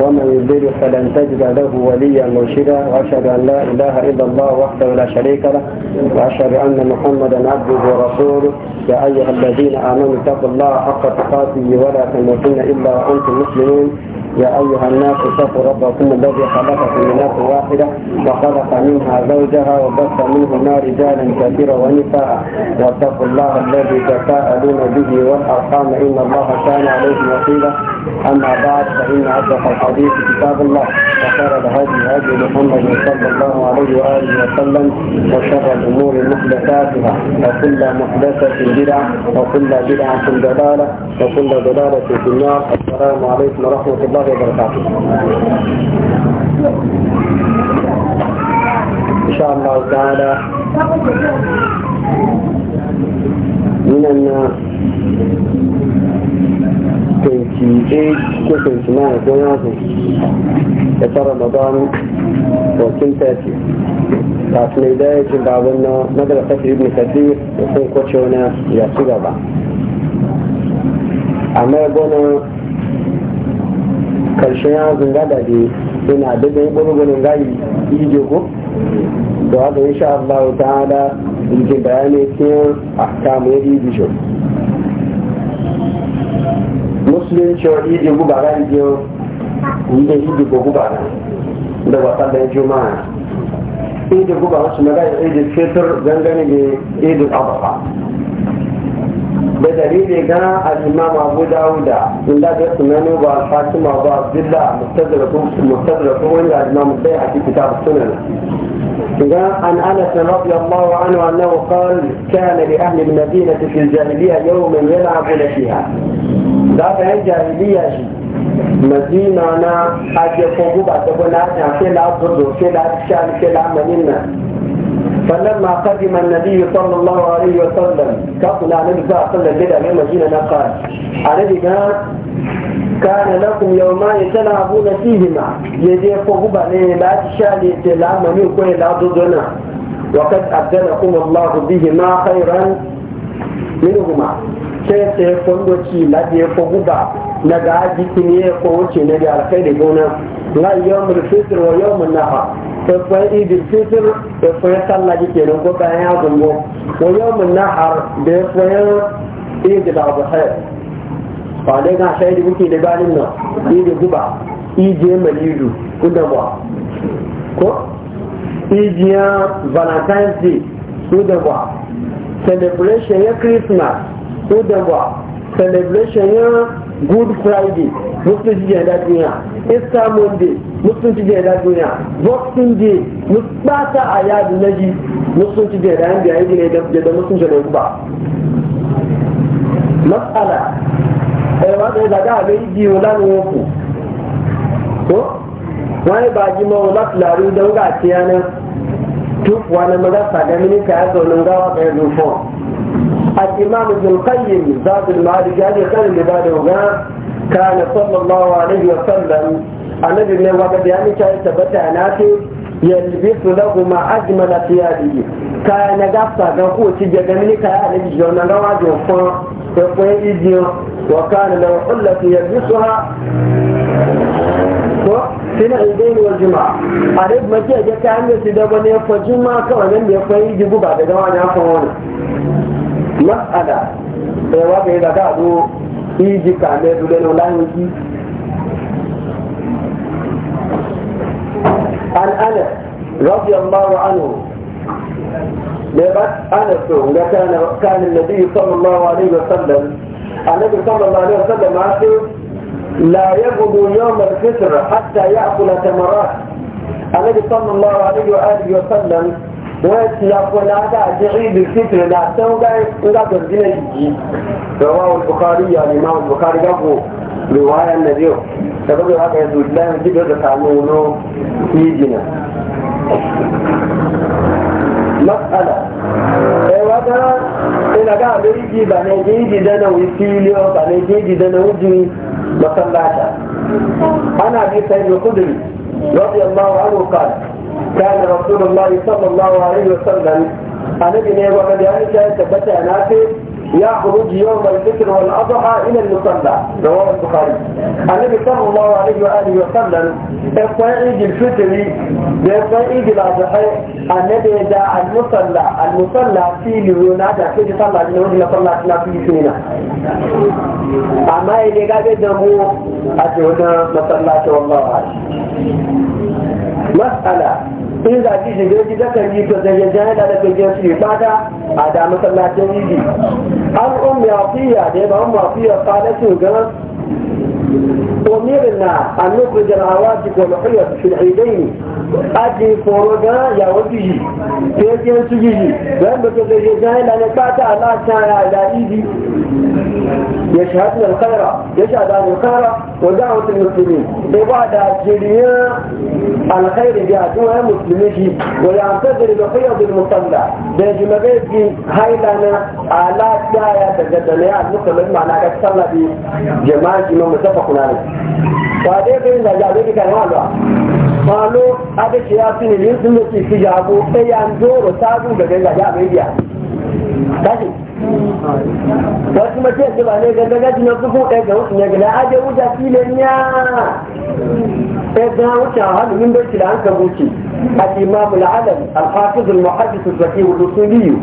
ومن يضلل فلن تجد له وليا مرشدا واشهد ان لا اله الا الله وحده لا شريك له واشهد ان محمدا عبده ورسوله يا ايها الذين امنوا اتقوا الله حق تقاته ولا تموتن الا وانتم مسلمون يا أيها الناس اتقوا ربكم الذي خلقكم من نفس واحدة وخلق منها زوجها وبث منهما رجالا كثيرا ونساء واتقوا الله الذي تساءلون به والأرحام إن الله كان عليكم رقيبا أما بعد فإن أصدق الحديث كتاب الله وخير الهدي هدي محمد صلى الله عليه وآله وسلم وشر الأمور محدثاتها وكل محدثة بدعة وكل بدعة ضلالة وكل ضلالة في النار السلام عليكم ورحمة الله وبركاته إن شاء الله تعالى من الناس e kusan suna da gona su da fara magan 1430 kafin mai daya ce babin na madarasa su ibn kadir da sun kwace wani ya ci gaba amma ya gona karshen ya zunga da ne yana da ɗin gurgurin gayi ije ko da haka insha Allah ta'ala yake bayani cikin ahkamu ya yi musulunci wani yi guba ga yi biyo yi da yi dubu guba da wata da juma'a yi da guba wasu na yi da fetur gangane da yi da abuwa da dalili gana al-imam abu dawuda inda da sunanu ba fatima ba da kuma wani al-imam bai a kitab sunan عن انس رضي الله عنه انه قال كان لاهل المدينه في الجاهليه يوم يلعبون فيها za ka yi jahiliya shi madina na ake ko guba ta gona ta ke la gudu ke la shan ke la manin na sannan ma kaji man nabi sallallahu alaihi wa sallam ka kula na da sallan da mai madina na ka a rabi ga kana na kun ya tana abu na fihi ya je ko guba ne la shan ke la manin ko la gudu na wa kad abdana kuma allah bihi ma khairan minhuma kese ya fondo ci ladi ko guba na ga aji ko ya fo ne na da alkhairi gona na yawmul fitr wa yawmun naha to fa idil fitr to fa sallah ji kenan ko bayan ya gungo wa yawmun nahar da ya fa idil adha fa dai ga sai di buki da galin nan idil guba idil malidu kuda ba ko idil valentine's day kuda ba celebration ya christmas udan ba celebration ya good friday musulunci da yada duniya easter monday musulunci da yada duniya boxing day musbata a yadu na ji musulunci da yada yadda yadda yadda yadda musulunci da ba matsala ẹ̀rọ àti ìdàgá àbẹ ìdí ìwọ̀n lánàá wọn kù tó wọn yẹ bàjí mọ wọn láti làárí ìdánwò àti ẹni tó fún wa ní mọ́tà sàgámínì káyà tó ní ń gbà wà bẹ́ẹ̀ lù fún ọ. الإمام ابن القيم زاد المعارج هذه خير لبالغ كان صلى الله عليه وسلم النبي من وقت يعني كان ثبت عناته يلبس لهما أجمل ثيابه كان قصة قفو تجد منك أهل الجنة نواج وفان وكان له حلة يلبسها ko sina idain wal juma'a arif mace ya ka hanyar su da wani ya fa juma'a kawai nan da ya fa yi jibu ba da gawa ya fa wani mas'ala sai wa kai da ka zo iji ka ne dole no lan yi an ana radiyallahu anhu ne ba ana so ga kana kana nabi sallallahu alaihi wasallam annabi sallallahu alaihi wasallam ma sai لا يبدو يوم الفطر حتى يأكل تمرات النبي صلى الله عليه وآله وسلم wọ́n ti afọlá àti ìlú fitiri la sẹ́wọ́n ńgá gbẹ̀rẹ̀ sílẹ̀ yìí rọwá olùbùkárí yàrá ìmá olùbùkárí gbàgbó rèwá ẹ̀ nàbí ọ̀ ẹ̀rọ bí wàá kẹ́ ẹ̀dùn lẹ́yìn tí bẹ́ẹ̀ kà ní ọ̀nà yìí jìnà. masala ẹ̀wá dáná ina ga abin yi ba ne yi ji dana wi filiyo ba ne yi ji dana wujin masallata ana bi sai da kudiri رضي كان رسول الله صلى الله عليه وسلم النبي نبي وقد يعني ثبت نافع يخرج يوم الفطر والاضحى الى المصلى رواه البخاري النبي صلى الله عليه واله وسلم يقول عيد الفطر يقول عيد الاضحى النبي دا المصلى المصلى في ليونادا في صلى وسلم صلى الله في سينا اما اللي قاعد يدمو اتونا مصلى والله مساله in za ki shiga ki kan yi to zai jan da da kake shi fata a da masallacin yidi an ummi afiya da ba ummi afiya fa da shi ga أمرنا أن نخرج العواتق والحية في العيدين أجي فرقا يا وجهي كيف ينسجي لأن بتجي جزائل أن يقاطع الله تعالى على إيدي يشهدنا الخير يشهد عن الخير ودعوة المسلمين وبعد جريا الخير بيعتوها مسلمين ويعتذر بقيض المصلى بيجي هاي لنا على تعالى تجدنا يا المسلمين معنا لدي بجماعة إمام متفق عليه wade bin da ya zai kan halwa malo abiki ya fi ne yin sun da ke fi jago ɗaya doro sabu da ganga ya mai biya kashi wasu kuma ce ba ne ga daga jina kuku ɗaya ga wuce ne ga na'ajen wuce fili niya ɗaya ga wuce a hannun yin da an ka wuce a imamu la'adar alfafizul muhajjisu zafi wuce sun biyu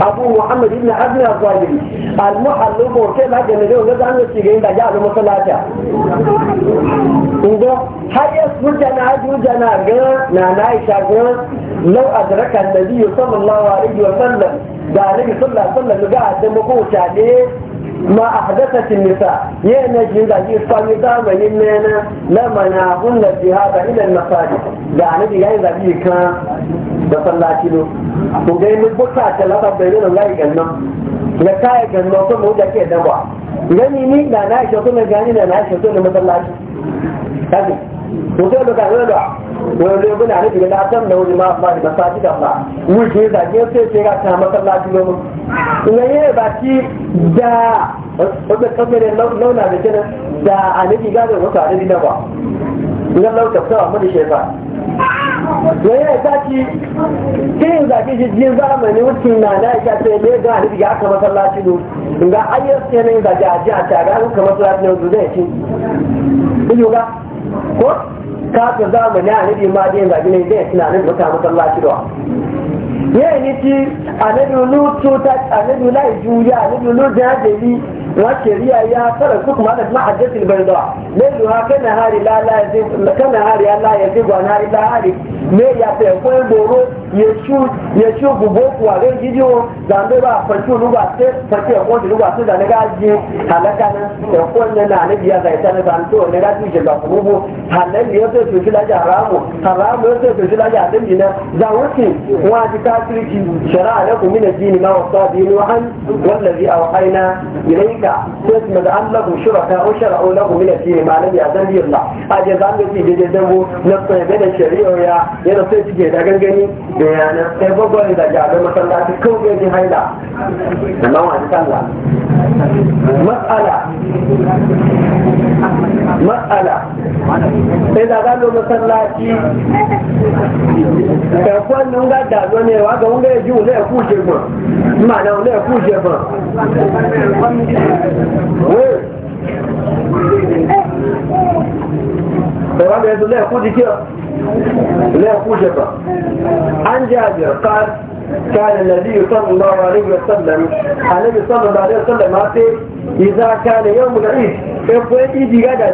abu muhammadu ibn abin azwajiri almuhallu ba wuce ba ga nage wuce an ga yin da ya alu masalata ugbo har ya wuce na haji na ga na na'aisha ga lau a zarakan da biyu sallallahu da ga da muku tade ma ahdathatin nisa na jin da ji sami zamanin ne na lamana hunna jihada ila al-masajid da annabi yayin da bi kan masallaci no to ga mun buka ta laba bayyana ga gannan ya kaya gannan ko mu da ke dawa gani ni da na shi to na gani da na shi ko na masallaci kaji mutum da kan yana wani zai guna nufi na san da wani ma'a da masaji da ba wuce da ke sai ce ga ta masallaci nomin ina yi ba ci da wanda kamar launa da kenan da a nufi gado wasu a nufi na ba ina lauta sawa mun shi ba ya yi ta ci kiyin zafi jirgin zamani wucin na na ita ce ne ga nufi ga aka masallaci no ga ayyar sai na zafi a ji a tare an ka masallaci ne ci. Ijo ko kafin zamani a nabi ma dai zagi ne zai suna nan maka maka Allah shirwa yayin ni ti anabi lutu ta anabi lai juya anabi lutu da jeli والشريعة يا فرق حكم هذا ما حدث البيضاء ليلها كنهار لا لا يزيغ كنهار لا يزيغ عنها إلا هاري ne ya fi ẹ̀kọ́ ìgboro yẹ̀ṣù gbogbo kù àrẹ jíjí wọn zàmbé shirka sai su mada an lagu shuraka o lagu mina ma a zan biyar a je za mu fi na tsaye da shari'o ya yana sai su ke da gangani da yana sai gwagwani da gyaɓe masallaci ji haida matsala sai da gano masallaci da kwanan da zo ne wa ga wanda ji wani ya kuje ba ma na wani ku je ba Ẹ̀wọ́n bẹ̀rẹ̀ tó lẹ́ẹ̀kú di kí ọ, lẹ́ẹ̀kú jẹba. A ń jẹ́ àjẹ́ ká كان النبي صلى الله عليه وسلم النبي صلى الله عليه وسلم إذا كان يوم العيد فقد إيدي غدا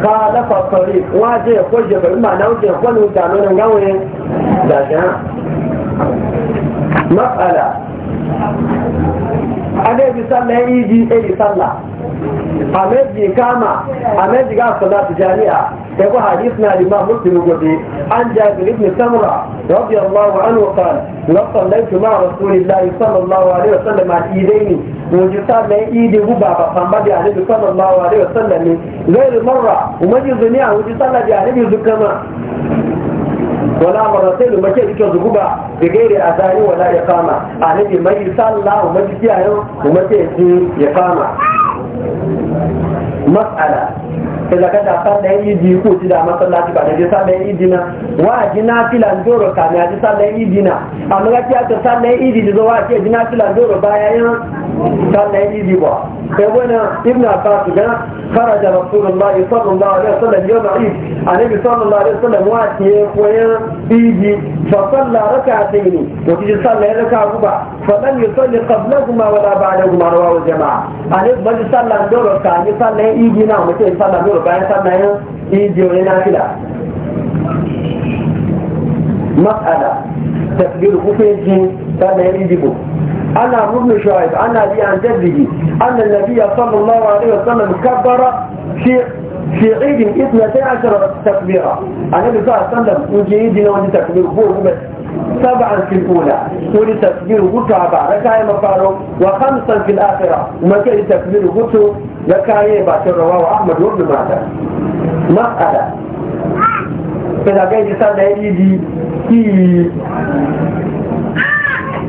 ka dafa sori waje ko je bari ma na uje ko nu ta nan gawe da ga mas'ala bi sallah ya yi ji sallah annabi kama annabi ga salatu jami'a sai ko hadith na imam muslim gobe an jabir ibn samra radiyallahu anhu qala la sallaytu ma rasulillahi sallallahu alaihi wasallam al-idaini waje sallah ya idi guba ba famba da annabi sallallahu alaihi wasallam ne gairu marra umaji zuniya waje sallah da annabi zukama wala marasailu mace ike zuguba da gairi a zani wala ya kama a nabi mai sallah mace kiyayen mace ya kama mas'ala daga ka da sallan idi ko ti da masallaci ba da je sallan idi na wa ji na filan doro ka na ji sallan idi na amma ga ki ta sallan idi da zo wa ki ji filan doro bayan sallan idi ba kai wannan ibnu abbas ga kharaja rasulullah sallallahu alaihi wasallam yawm eid annabi sallallahu alaihi wasallam wa ki koyan idi fa salla rak'atayn to ki sallan raka'a ba fa lam yusalli qablahuma wala ba'dahuma rawahu jama'a annabi sallallahu alaihi wasallam doro ka ni sallan idi na mutai sallan مسألة تكبير كفر الجن كان يجب أنا ابن شعيب أنا لي عن جده أن النبي صلى الله عليه وسلم كبر في في عيد اثنتي عشر تكبيرة أنا بصلاة صلى الله عليه وسلم يجي عيدنا وجه تكبير فوق بس سبعا في الأولى كل تكبير غتو أبا ركاية مفارو وخمسا في الآخرة وما كان تكبير غتو ركاية باشر رواه أحمد وابن ماجه مسألة إذا كان يسال يجي كي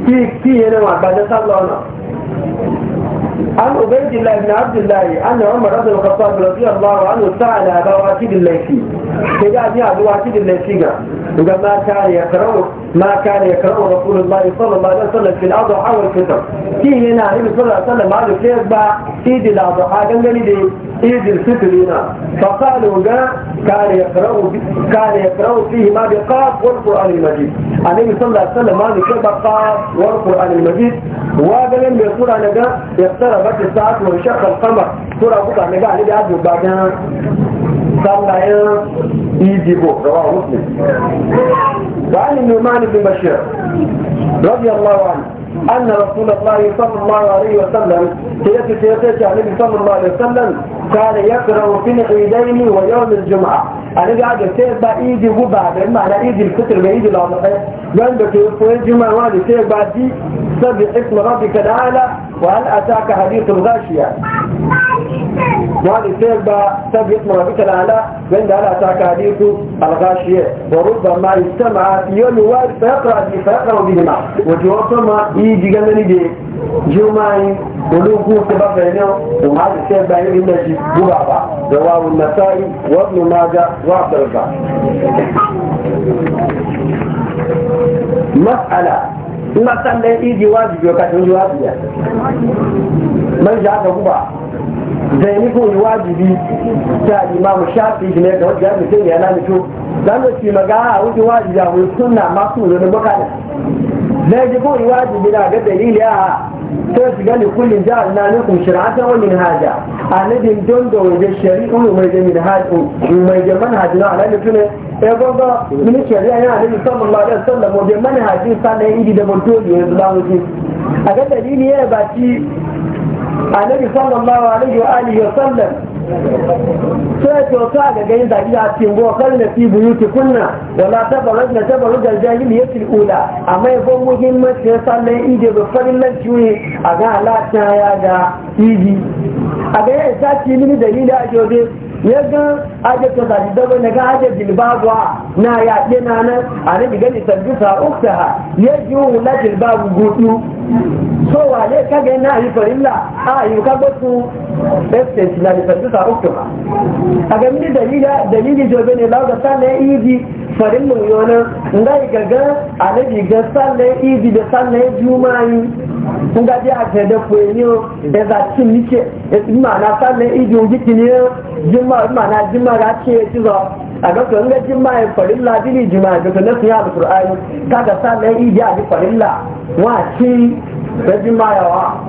كي كي أنا ما بعد صلى الله عن عبيد الله بن عبد الله أن عمر بن الخطاب رضي الله عنه سأل أبا واكيد الليثي فقال يا أبو واكيد الليثي وقال ما كان يكره ما كان يكره رسول الله صلى الله عليه وسلم في الأضحى والفطر في هنا النبي صلى الله عليه وسلم قال في يتبع عيد الأضحى قال لي عيد الفطر هنا فقالوا قال كان يقرأ كان يقرأ فيه ما بقاف والقرآن المجيد النبي صلى الله عليه وسلم قال كيف قاف والقرآن المجيد وقال لم يقول أنا يقترب اقتربت الساعة وانشق القمر سورة بكرة نجا عليه بيعد وبعدين صلى يجيبه رواه مسلم وعن النعمان بن بشير رضي الله عنه أن رسول الله صلى الله عليه وسلم سيأتي سيأتي النبي صلى الله عليه وسلم كان يقرأ في العيدين ويوم الجمعة أنه يجب تبع إيدي غبا ان على إيدي الكتر بإيدي الأضحي وإن بتوفوين جمع والي تبع دي سبع اسم ربك العالى وهل أتاك حديث الغاشية وعن سيربا تبيت مرابط الأعلى وإن دعلا تاكاديك الغاشية وربما استمع في يوم وارد فيقرأ به فيقرأ بهما وتوصما يجي جمالي دي جمعين ولوكو سبا فينيو وهذا سيربا يجي نجي بغابا رواه النسائي وابن ماجه وعبد الرزاق مسألة ina san da iji wajibi ka tun wajibi man ja ga guba da ni ko wajibi ta imam shafi ne ga wajen mutum ya na to dan da shi maga a wajen wajibi ya wuce sunna masu ne baka ne ne ji ko wajibi da ga dalili a sai su gane kullum ja na nukun shir'ata wani min haja a nadin don da waje shari'u mai da min haja mai da manhaji na alaƙa tuna ya gwagwa min shari'a yana ma sallallahu alaihi wasallam wajen manhajin sa na yi da bantoli ya zuba mutu a ga dalili ya ba ci a nabi sallallahu alaihi wa alihi wasallam sai ke wasu a gagayin zaki a cikin bo kar na fi ti kunna wala tabaraj na tabaraj da jahili ya tilula amma ya ban muhimmanci ya sallan ije ba farin lanci ne a ga halatta ya da iji a ga ya sa ci mini dalili a jobe ya ga aje ta zaki dabo na ga aje jilbabwa na ya ɗina nan a nabi gani sarki sa'ukta ya ji wula jilbabu gudu tó na lé kágẹ́ náà yìí fẹ̀rí ńlá ààyè kágbó fún na náà nípa sísà òkè wa àgbẹ̀mí ní dalili jobe ne lauga sálẹ̀ ìdí fẹ̀rí mu yọ̀nà ńlá ìgàgán àlejò ìgà sálẹ̀ ìdí da sálẹ̀ júmọ́ yìí ńgá bí àtẹ̀dẹ̀ fún ẹ̀yìn o ẹ̀zà tí mi ṣe ìmọ̀nà sálẹ̀ ìdí ojú kìíní jimma ìmọ̀nà jimma rà ṣe é ti rọ àgbẹ̀kọ̀ ńlẹ̀ jimma ẹ̀ fẹ̀rí ńlá dínì jimma àgbẹ̀kọ̀ lẹ́sìn Ka ga kága sálẹ̀ ìdí àdìfẹ̀rí ńlá wa àti ta jimayawa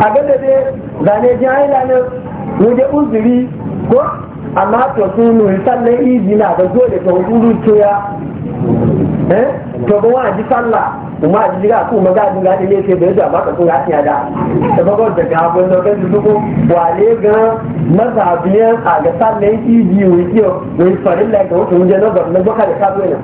a gada dai zane ne wuje uziri ko amma to su nuri sannan izi na ga dole ka hudu ya Eh? to ba wa ji sallah kuma ji ga ku maga ji ga ne ke bai da ba ka kun ga da da ba da ga bun da kan su ko wale ga mazabiyan a ga sallah yi ji wai yo wai farin la ga wato je na ba na baka da ka zo ina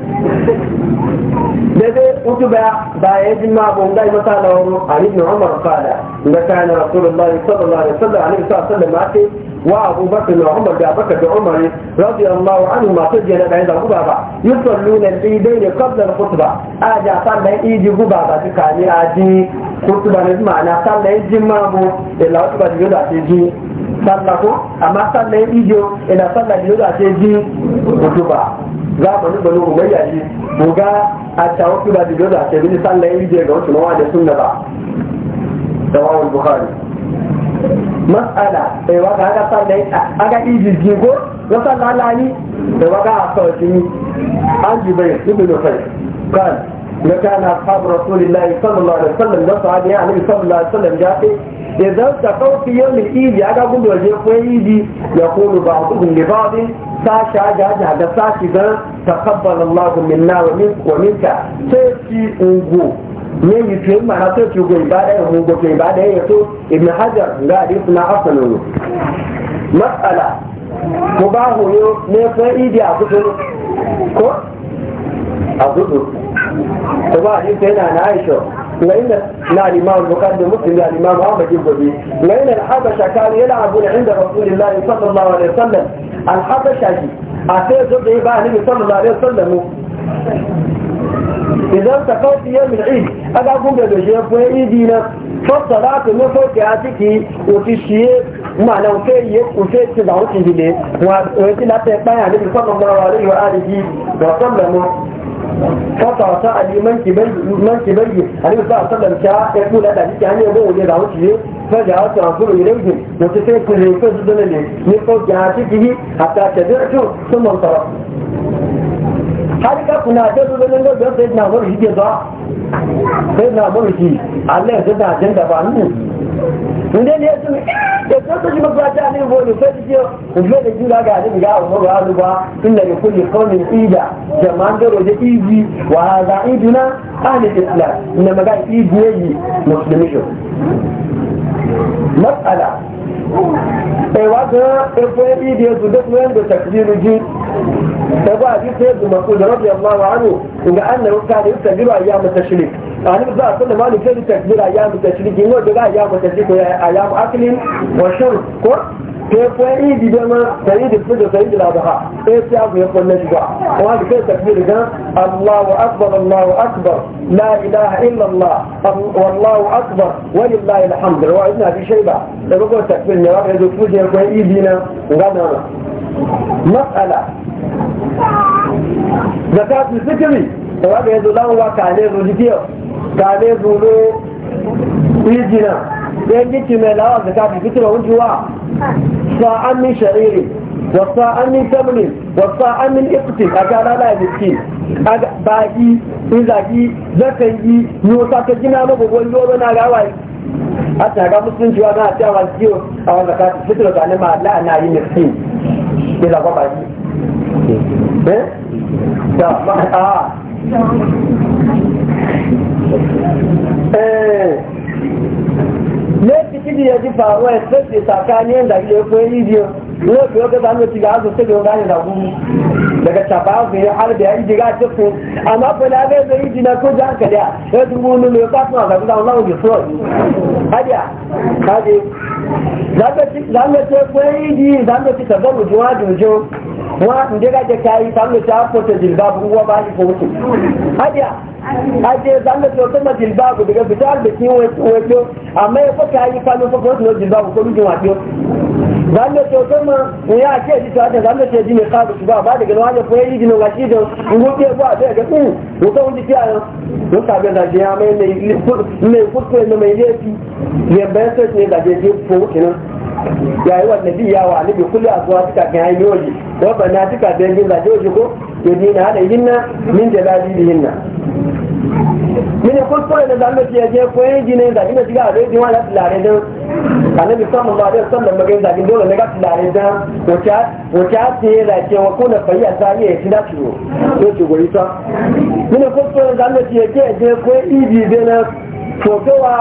da dai ba ba ya e ji ma bon dai mata lawo ali ibn umar qala da kana rasulullahi sallallahu alaihi wasallam alaihi وابو بكر وعمر بابكر وعمر رضي الله عنهما تجي لنا عند غبابة يصلون العيدين قبل الخطبة اجا صلى عيد غبابة كاني اجي خطبة معنى صلى عيد مابو الا خطبة يودا تجي صلى اما صلى عيد الا صلى يودا تجي خطبة zamanin bani umayya ne mu ga a shawo kiba da yau da ke bi sallan yi je ga wasu mawa da sunna ba da wawon bukhari masala e eh, waga ga ta dai eh, aga iji gigo ga ta dala ni e waga a ko jini an ji bai ibn fay kan la kana ashab rasulillahi sallallahu alaihi wasallam da sahabi ya annabi sallallahu alaihi wasallam ya ce idan ta kauki yau ne iji aga gudu waje ko iji ya ba ku ta sha jaja ga sashi ga takabbalallahu minna wa minka sai ki ungu ne yi tun ma na soke go ibada ya hugo ke ibada ya so ibn hajar ga adi na asali ne matsala ko ba hoyo ne fa idi a kudu ko a kudu ko ba adi sai na aisha ga ina na alimawa bukari da mutum da alimawa ba wanda jibbo bi ga inda al-habasha kawai yana abu da inda rasulullahi sallallahu alaihi wasallam al-habasha shi a sai zo da yi ba ni sallallahu alaihi wasallam idan ta kawai yamin idi aga do da gaje fun idi na fasara to ne fo ke atiki o ti sie ma na o fe ye o fe ti da o ti wa o ti la te pa ya ni ko mo wa ri wa alihi wa sallamu fata ta ali man ki bai man ki bai ali sa sallam ta e kula da ki hanye go ne da o ti fa ja ta furu ilaihi da ti sai ku ne ko da ne ni ko ja ti ki hatta ta har ka kuna ta zo da nan da zai na bar shi ke zuwa sai na bar shi Allah ya da jin da ba ni inda ne su da ta su ba ba ta ne eh, bo ne sai ke ku ga da jira ga ni ga mu ba ru ba inna li kulli qawmin ida jama'an da roje izi wa hadha iduna ahli islam inna maga izi ne musulmi matsala sai wata ɗaya bidiyo su duk wani da takbiru ji da ba a jisa da masu da rabu yamma wa hannu inda an na ruka da yuta biyu a yi amma a ni za a sanda ma ni kai takbir a yi amma tashirik in yau ga a yi amma a yi mu akilin wa shuru ko sai idi da ma sai da su da sai da labaha e sai a abu ya kullu shi ba kuma da kai takbir kan Allahu akbar Allahu akbar la ilaha illa Allah wallahu akbar walillahi alhamd wa inna bi shayba da e ko takbir ne wa da su je ko idi na ngana mas'ala zakatul fitri e wa da yazo lawa kale zo dikiyo kale zo lo idina ɗayan gici mai lawa da kafin fitura wujewa sa'an min sha'iri wasa'an min tamrin min iftin a ga ya miski in zaki yi wata ta gina maka gwani na gawa a ta ga musulunci wa na kiyo a wanda da ma la'ana yi miski eh da ma a eh kidi ya ji faruwa especially tsakanin da ke kwaye biyu yau biyo ga zanen ci ga azu sai da wani da gumu daga yi har da yanki ga ci su amma fa na ga zai jina ko ja ka da ya dubu ne mai fasu na zagu da Allah ya so hadiya kaje zanen ci zanen ci ko yi ji zanen kai a ko musamman in ya ce ji ta da ce ji ne ka su ba ba daga wani ko yi ji no ga da ngo ke ba da ga ku ko ka wuce ya do ka ga da ji ya mai ne ne ku ko ne mai ne ji ya ba sai ne da ji ko kenan ya yi wannan biya wa alibi kulli a zuwa suka kan hanyoyi ko ba na suka da yin da ko yadina hada yinna min da lalili yinna mine kuskure da zamu fiye je ko yin jinin da ina shiga a rediyo wani tilare dan annabi sallallahu alaihi wasallam magan da kin dole ne ga tilare dan wata wata ce da ke wa kuna fayya ta ne shi da tiro ko ce goyi ta mine kuskure da zamu fiye je ko yin idi dan to kowa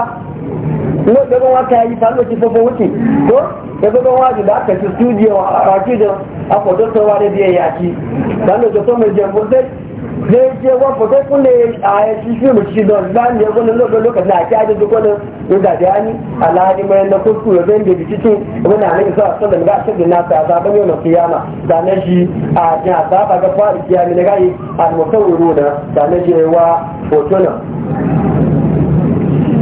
kuma gaban waka yi ta lokaci fafa wuce ko da gaban waje da aka ci studio a raki da a fotosarwa da biya yaki ta lokaci to mai jambo sai zai ce wa kun ne a ya ci shi mu ci don zan ya gwani lokacin a kya da duk wani yadda da yani alhali mai na kusku ya zai da biciki wani na isa sun da ga shirin nasa a zaben yau na kiyama da na shi a jiya saba ga fara kiyami na gayi al-musawwiru da na shi wa hotunan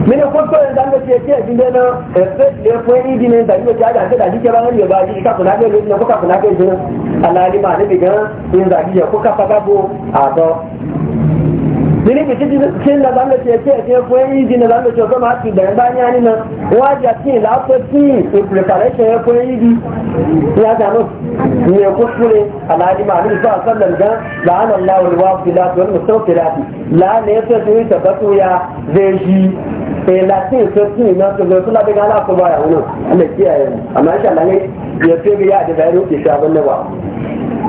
mini kótó ẹ̀ dáná tiẹ̀ tiẹ̀ ti lé náà ẹ̀fẹ́ tiẹ̀ yi ẹni ìdí ní ìtàgé ìgbésí àjà àti ìdàgé ìjẹba ń yọba yìí káfùnà bẹ́ẹ̀ lójú náà kó káfùnà bẹ́ẹ̀ jẹun gan ní ìdàgé yẹ kó káfàgá bo àtọ. mini bìtí ti ń dáná lọ tiẹ̀ tiẹ̀ tiẹ̀ fún ẹni ìdí ní ìdáná lọ́sọ̀ tó máa ti bẹ̀rẹ̀ bá ní àní náà wọ́n á jà tíì láàpẹ́ tíì ìpìlẹ̀kàlẹ́sẹ̀ ẹ̀ fún ẹni ìdí ní àjà náà ìyẹn kó fúnni aláàlí máa níbi fún àkọsílẹ̀ gan làánà láwùlẹ̀ wá fìlà tó ń mú sọ́ọ̀kì láti làánà ẹ̀ fẹ́ tó ń ya zẹ́ yìí E lafiya na su ga suna daga ala ko baya wani na kiyaye amma insha Allah ne ya ce ga ya da bayar rufe sha ban ba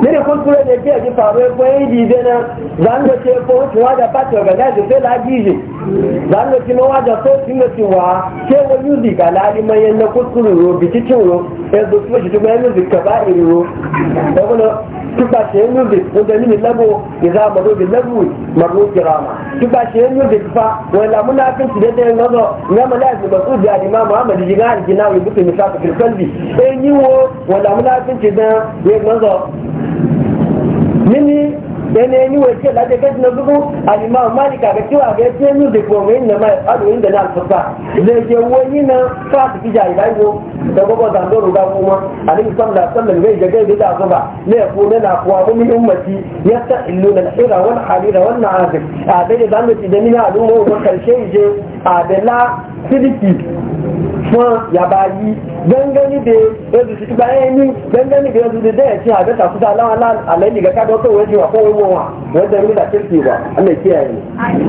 ne kun tura da ke ji faru ko yi de na zan da ce ko tuwa da pati organize sai la da so cin ke wa music a na ro bitikin ro yanzu su ka ba ro da kuma tuba ce yin yudde wanda mini labo ya za maro labu maro kirama tuba ce yin yudde fa wani lamu na kan shi daidai yin gazo na malazi masu da alima muhammad jina aljina wani bukin misaka filfalbi sai yi wo wani lamu na da yin gazo mini dan ne yi wace da take na zuru al-imam malik ga cewa ga ce mu da ko na mai adu inda na alfasa zai je wani na fa ki ja ida go da gogo ruga ndoro ga kuma alim sallallahu sallam zai ga da zuba ne ko ne na kuwa mu min ummati yastahilluna al-hira wal harira wal na'azib a dai da mu ci da mina al'umma ko karshe je a da la sidiki fún yàbá yí gangani de ezu ti gba ẹni gangani de ezu tí a bẹ́ta fún aláwọn alẹ́ni wà fún owó wọn wọ́n tẹ̀ nígbà tí ti alẹ́ tí ẹ̀ ní.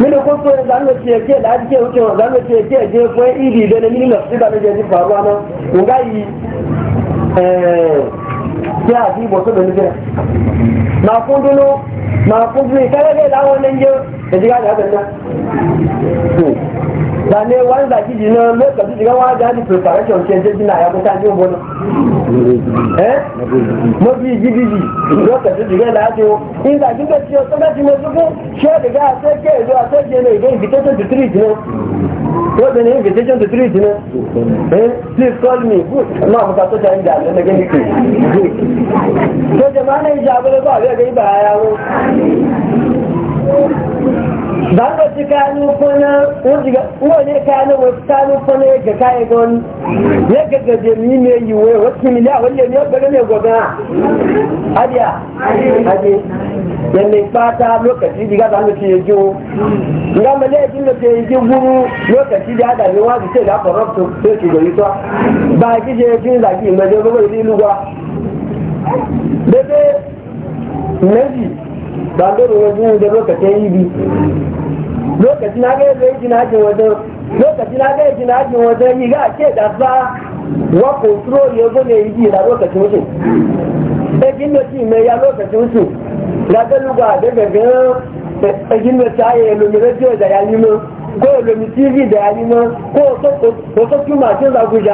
nínú kó tó ẹ̀zá ló ti ẹ̀kí láti jẹ́ òkè ọ̀zá ló ti ẹ̀kí ẹ̀ jẹ́ fún ìdí ìdẹ́ni nínú lọ a da ne wani da kiji na lokaci shiga wani da hadi preparation ke je jina ya kuta je bono eh? eh mo bi gidi ji lokaci shiga da hadi in da kika ciyo to da kimo zuko she da ga sai ke zo sai je ne ga invitation to treat no ko da ne invitation to treat no eh please call me good ma mu ka to ta inda ne ga ni ke to jama'a ne ja bale ba ga ga ba ya banga ci kanu fana wujiga wane kanu wasu kanu fana ya gaka ya gaga da ni me yi wai wasu miliya wanda ne ga ne na adiya adi yanne fata lokaci diga da mutum ya jiwo nga mala ya yi guru lokaci da ada ne wani ce da corrupt sai ki gari ba ki je kin da ki ma ilu ba bebe ba da ruwa zuwa da lokacin yi bi lokaci na ga yadda yake na wajen lokaci na ga yake na ake wajen yi ga ke da sa wa control ya zo ne yi da lokacin mutum ɗakin da ci mai ya lokacin mutum ga lugu a daga gagan ẹ̀yìn ló ṣáyẹ̀ ẹlòmí rédíò ìdàyà nínú kó ẹlòmí tv ìdàyà nínú kó òtó kí mà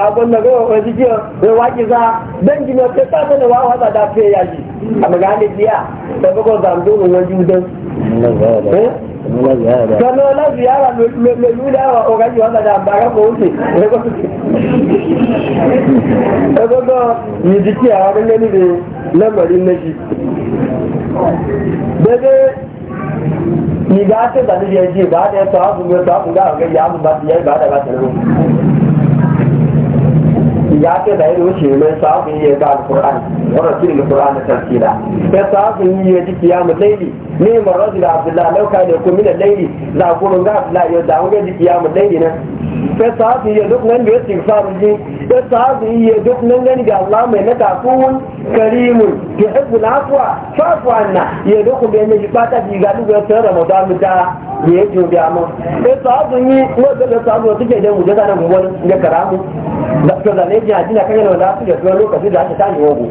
agbọ́nà kó òtí kí ìwádìí sá bẹ́ǹkì wà sàdá fẹ́ lè di à ni ga ta da ne je ba da ta abu ta abu ga ya mu ba ba da ba ta ni ga ta da ido ce mai sa ku yi ga alquran wa rasul alquran tafsira ya sa ku yi ya ji kiyamul layli ni marajul abdullah law ka da ku min al-layli la ku ga abdullah ya da ji kiyamul layli na ya sa yi duk nan da istighfar ji da sahabu yi duk nan gani ga Allah mai na tafuwun karimun ya haifu lafuwa fafu anna ya duk bai na jiba ta ji ga duk wata ramadan da ya yi jobi amma da sahabu yi wanda da sahabu wasu ke jan wuje zanen gugun da mu da to zane ji a jina kan yana da su da tuwa lokaci da ake tashi wago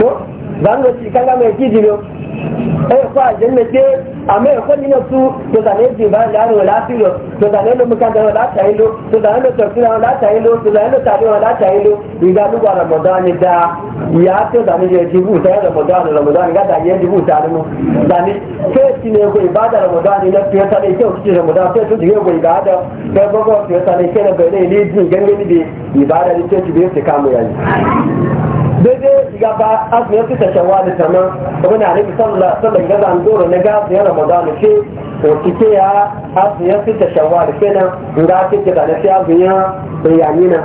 ko zango ci kanga mai kiji e ne ai ko aljanna ce amma ko ni na su to da ne ji ba da ro lafiro to da ne mu kan da la ta ilo to da ne to kira la ta ilo to da ne ta ilo la ta ilo iga lu ba ramadan da ya to da ne je jibu ta ramadan ramadan ga da ye ta mu da ne ke ci ne ko ibada ramadan ne ke ta ne ke ci ramadan ke to ji ko ibada ke ba ko ke ta ne ke ne ba ne ni ji ganin ni ibada ne ke ci be ta kamu yayi daidai ga ba azumin su ta shawali sannan wani alaihi sallallahu sallam ga doro na ga azumin ramadan ce to kike ya azumin su ta shawali kenan ga kike da na sai azumin bayanina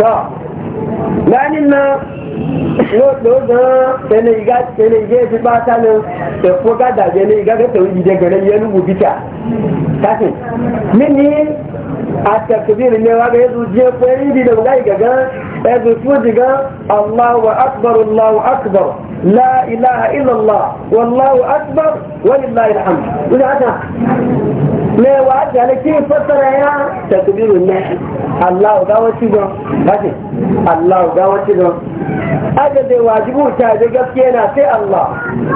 to lanin na lọ́dọ̀ ẹni ìgá ẹni ìgá ẹfi bá sálọ ẹ̀fọ́ ẹni ìgá gẹ́tẹ̀wé jìdẹ gẹ̀rẹ́ yẹnu wò bíkà mi ní aka kabir ne wa ga yadu je ko yin di da wulai gaga yadu su diga Allahu akbar Allahu akbar la ilaha illa Allah wallahu akbar walillahi alhamd ina ta me wa jale ki fasara ya ne Allah ga wace don kace Allah ga wace na sai Allah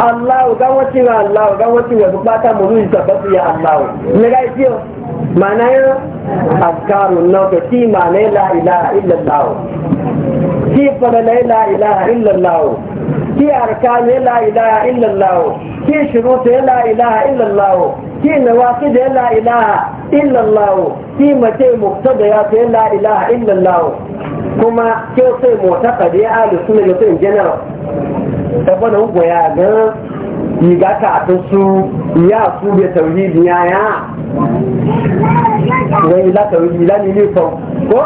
Allah ga wace na Allah ga wace wa bukata na ta ilaha illallah ki fara la ilaha ki ki ilaha illallah ki na waƙi da yalla ila illallah ki mace muktada da ce yalla ila illallah kuma ke sai motaka da ya ala sunan da sun general da bana ya ga yi su ya su da tauhidi ya ya wai ko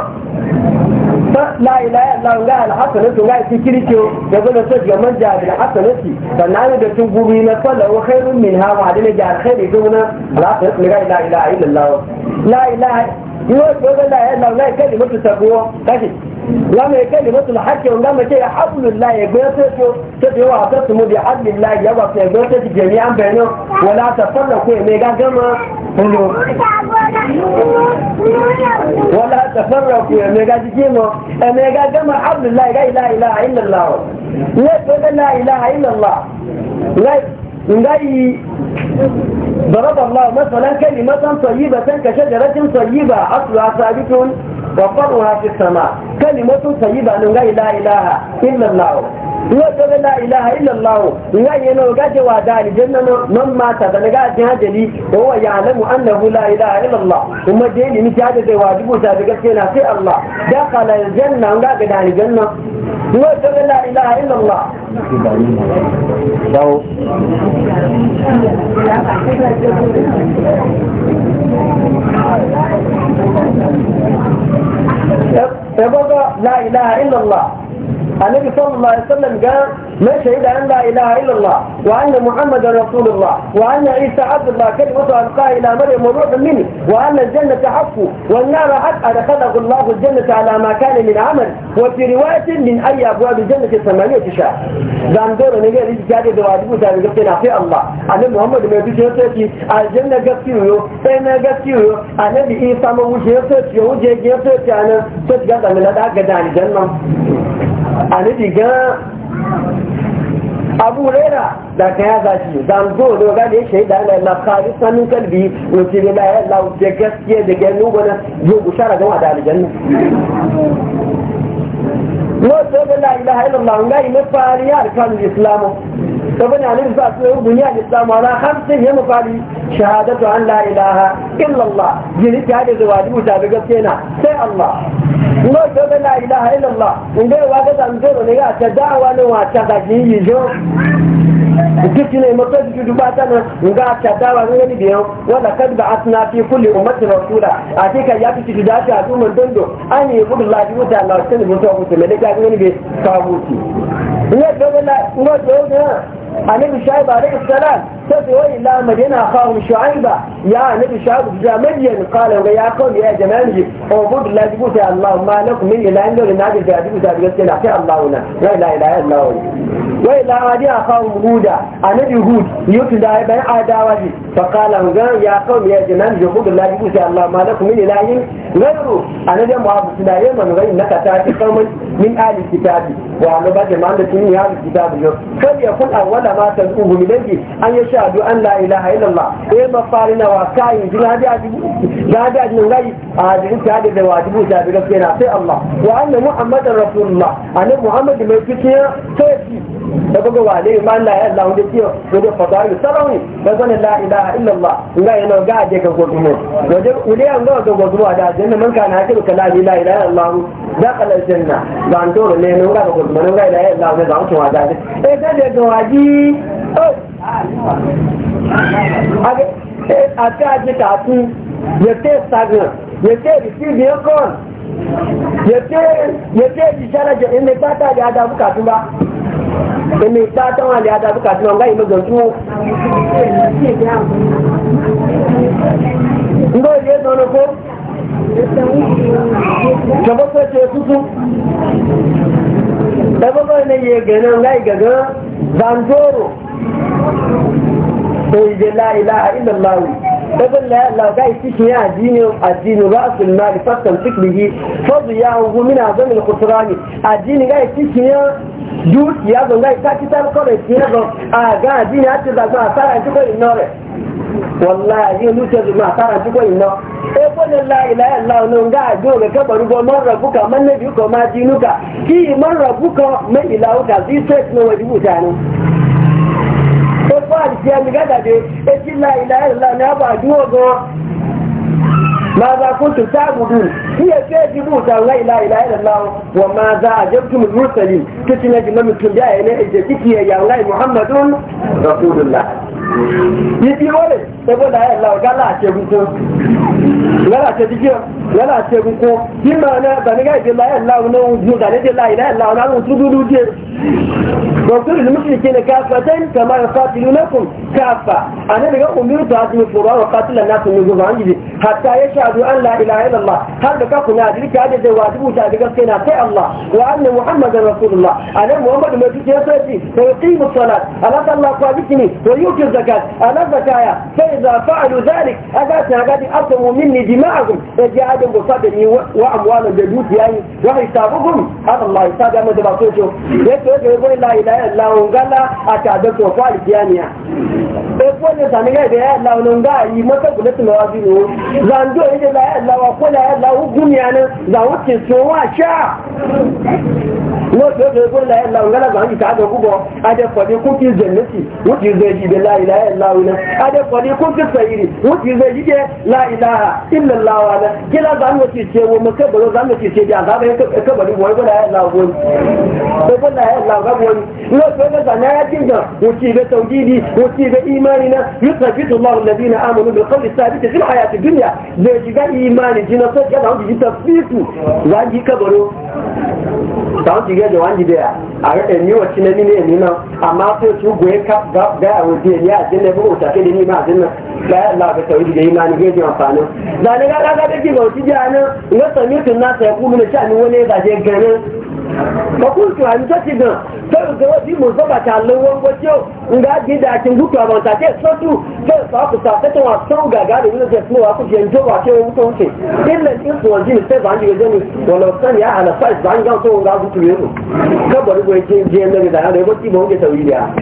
ba la ilaha illallah ga alhasanatu ga ki kirkiyo da gona so ga manja bil hasanati sannan da tun gumi na fala wa khairun min ha wa dalil ga alkhairi gona alhasanatu ga la ilaha illallah la ilaha yau ko ga la ilaha illallah kalimatu tabuwa kashi لما كلمة الحق ولما كي حبل الله يبيته تبي واعتصموا بحبل الله يبقى يبيته جميعا بينهم ولا تفرقوا ميغا جمع wala tafarraku ya mega jike mu ya mega gama abdullahi la ilaha illa illallah ne to da la ilaha illallah ngai ضرب الله مثلا كلمة طيبة كشجرة طيبة أصلها ثابت وفرعها في السماء كلمة طيبة نغير لا إله إلا الله yóò tó bẹ́ láìlá ìlọ́láwò ìyá yẹn náà gájẹ wà dáa ìjẹ́ náà máa tàbí ní gáàjì hajjali owó ya alamu annahu láìlá kuma je ni ta da gaske na sai Allah da kala janna ga ga da janna النبي صلى الله عليه وسلم قال ما شهد أن لا إله إلا الله وأن محمدا رسول الله وأن عيسى عبد الله كلمة ألقاها إلى مريم وروح مني وأن الجنة حق والنار حق أدخله الله الجنة على ما كان من عمل وفي رواية من أي أبواب الجنة الثمانية شهر دام دور نجي ريج جاري دواجب زي قلتنا في الله أنا محمد ما يجوز يرتدي الجنة قصيرة أنا قصيرة أنا بإيسا ما وجه يرتدي وجه يرتدي أنا تجد أنا لا أقدر جنة a ga abu rera da ka ya zaci don zo ga da shaida na na kari sanin kalbi wuce ne na yalla da gaskiya da ganin yau zo bushara ga wada aljanna no to da la ilaha illallah ngai ne fariya kan islamu saboda annabi sa su yi bunya al-islam har khamsin ya mafali shahadatu an la ilaha illallah jini ta da zuwa dubu ta ga gaske na sai Allah kuma ko ga la ilaha illallah in ga wa ga dan zero ne ga ta da'awa ne wa ta ga yi jo duk ne mata duk duba ta nan in ga ta da'awa ne ne biyo wala kad ba'atna fi kulli ummatin rasula a ce kan ya fi cikin dace a tuman dondo an yi gudu lafi wuta Allah sai mutuwa mutum ne ga ne ne ka mutu ne ga la ne ga عليه مش جايب عليك السلام sai wani ila madina kawun shu'aiba ya nabi shu'aibu da madiyan kala ga ya kawo ya jama'an o budu la jibu sai allah ma kuma min ilahin dole na da jibu da jirgin cikin lafiya allah na la ila illa allah wa a adi akawun huda nabi hud yutu da bai adawa ji fa kala ga ya kawo ya jama'an ji budu la jibu sai allah ma lakum min ilahin ghayru anabi mu'abu da yaman ghayru nakata ta kawun min ali kitabi wa alaba jama'an da tuni ya kitabi yo kai ya kun awala ma tad'u min an yi shahadu an la ilaha illallah e ma fari na waka yi jin hadi ajibu da hadi ajibu da wajibu da bi gaskiya sai Allah wa anna muhammadar rasulullah annabi muhammad mai fitiya sai da buga wale ma Allah ya Allah wanda kiyo wanda da la ilaha illa Allah ga yana ga je wanda ule an ga da janna man kana la ilaha illa Allah da kala janna ba an ne ne ga ne ga ilaha illa Allah da da a ta ji ya ya ya ya in mai fata da ba èmi ìgbà táwọn àlè àti àbúkà tí wọn gáyìí lọ́jọ́ tún. ńgbọ́ ìlú ètò tutu. kó jọ̀bọ́ pé ṣe tuntun ẹgbẹ́ bọ́ ilé ga gẹ̀ẹ́nà ńgáyìí gẹ̀gẹ́ zandoro dabin la la ga yi shi ya addini addini rasul mali fasan tiklihi fadu ya hu min azam al addini ga yi shi ya duk ya zo ga ta kore ya zo a ga addini ya ce da ba sara ji ko ignore wallahi yin lutar ma sara ji ignore e ga ga man man nabi ko ma dinuka ki man rabuka man ilahuka sai mutane ẹ fọ́ àdìsí ẹni gádàdé etí ńlá ìlà ìlà ní àbọ̀ àdúgbò gan ماذا كنت تعبدون هي كاذبون قال لا اله الا الله وماذا اجبتم المرسلين كنت نجم من تنجا الى اجتك يا الله محمد رسول الله ìdí wọlé saboda ya Allah lalace guko lalace dikiya lalace guko yin ma na ba ni ga idan la Allah na mu da ne da la Allah na mu tududu je doktor al-mushrikin kafatan kama yaqatilunakum kafa ana daga umiru ta ji fura wa qatila nasu ne zuwa an ji hatta ya shahadu an la ilaha illallah har da kafu na dirka da wa wajibu ta daga sai na sai Allah wa anna muhammadan rasulullah ana muhammadu mai tuke sai sai qimu salat ala sallahu alaihi wa sallam wa yuqiz kan a nan ba kaya sai da fa'alu zalik a za su haka din aka mu minni jima'agun da ji adin bufa da ni wa amwana da dukiya yi wa hisabukum har Allah ya ga mai da ba so so ya ce ga ibo ila ila ya Allah un gala a ta da ko fa'al kiyaniya e ko ne sami ga da ya Allah un ga yi mata kula su lawa bi zan do ida la ya Allah wa kula ya Allah u gumiya nan za wuce so wa sha wọ́n tó ṣe fún láyé láwọn gánàgbà ń jìkà àjọ púpọ̀ adẹ́kọ̀dé kún kí zẹ̀lẹ́sì wọ́n ti zẹ̀ yìí láyé láyé láwọn náà adẹ́kọ̀dé kún kí sẹ̀yìrì wọ́n ti zẹ̀ yìí láyé láha ilẹ̀ láwọn náà kí lásán ló ti wo wọn kẹbẹ̀rẹ̀ za ló ti ṣe di àzábẹ̀ kẹbẹ̀rẹ̀ wọ́n fún láyé láwọn wọn. fún láyé láwọn wọn wọ́n tó ṣe sàn náà kí gan wọ́n ti ibẹ̀ tawjidi wọ́n ti ibẹ̀ imani na yusuf fitu lọ́rù lẹ́bí na amúnú bí kọ́lì sábì tẹ̀sí ní àyàtì dúnìyà lè jìgá imani jìnnà sọ́jà náà wọ́n ti jìnnà fiye da wani ga na mini emi ka ga a wuce ne a jinna ni ma jinna ya Allah ka tawidi da imani ga jin amfani da ne ga ga da ke ga wuce ja nan na sami tun na sai ku mun ni wani da je ganin ba ku ku an ta tigan sai ga wadi mun zaba ta lawan nga ji da kin gutu ba ta ke so tu sai sa ku ta wa so ga ga da ni da su wa ku je njo wa ke wuce wuce illa in su wajin ni ga ni wala san ya ala ga so ga gutu yero kabarin gwai jiyan na da hana ya baki ba wuce tauri da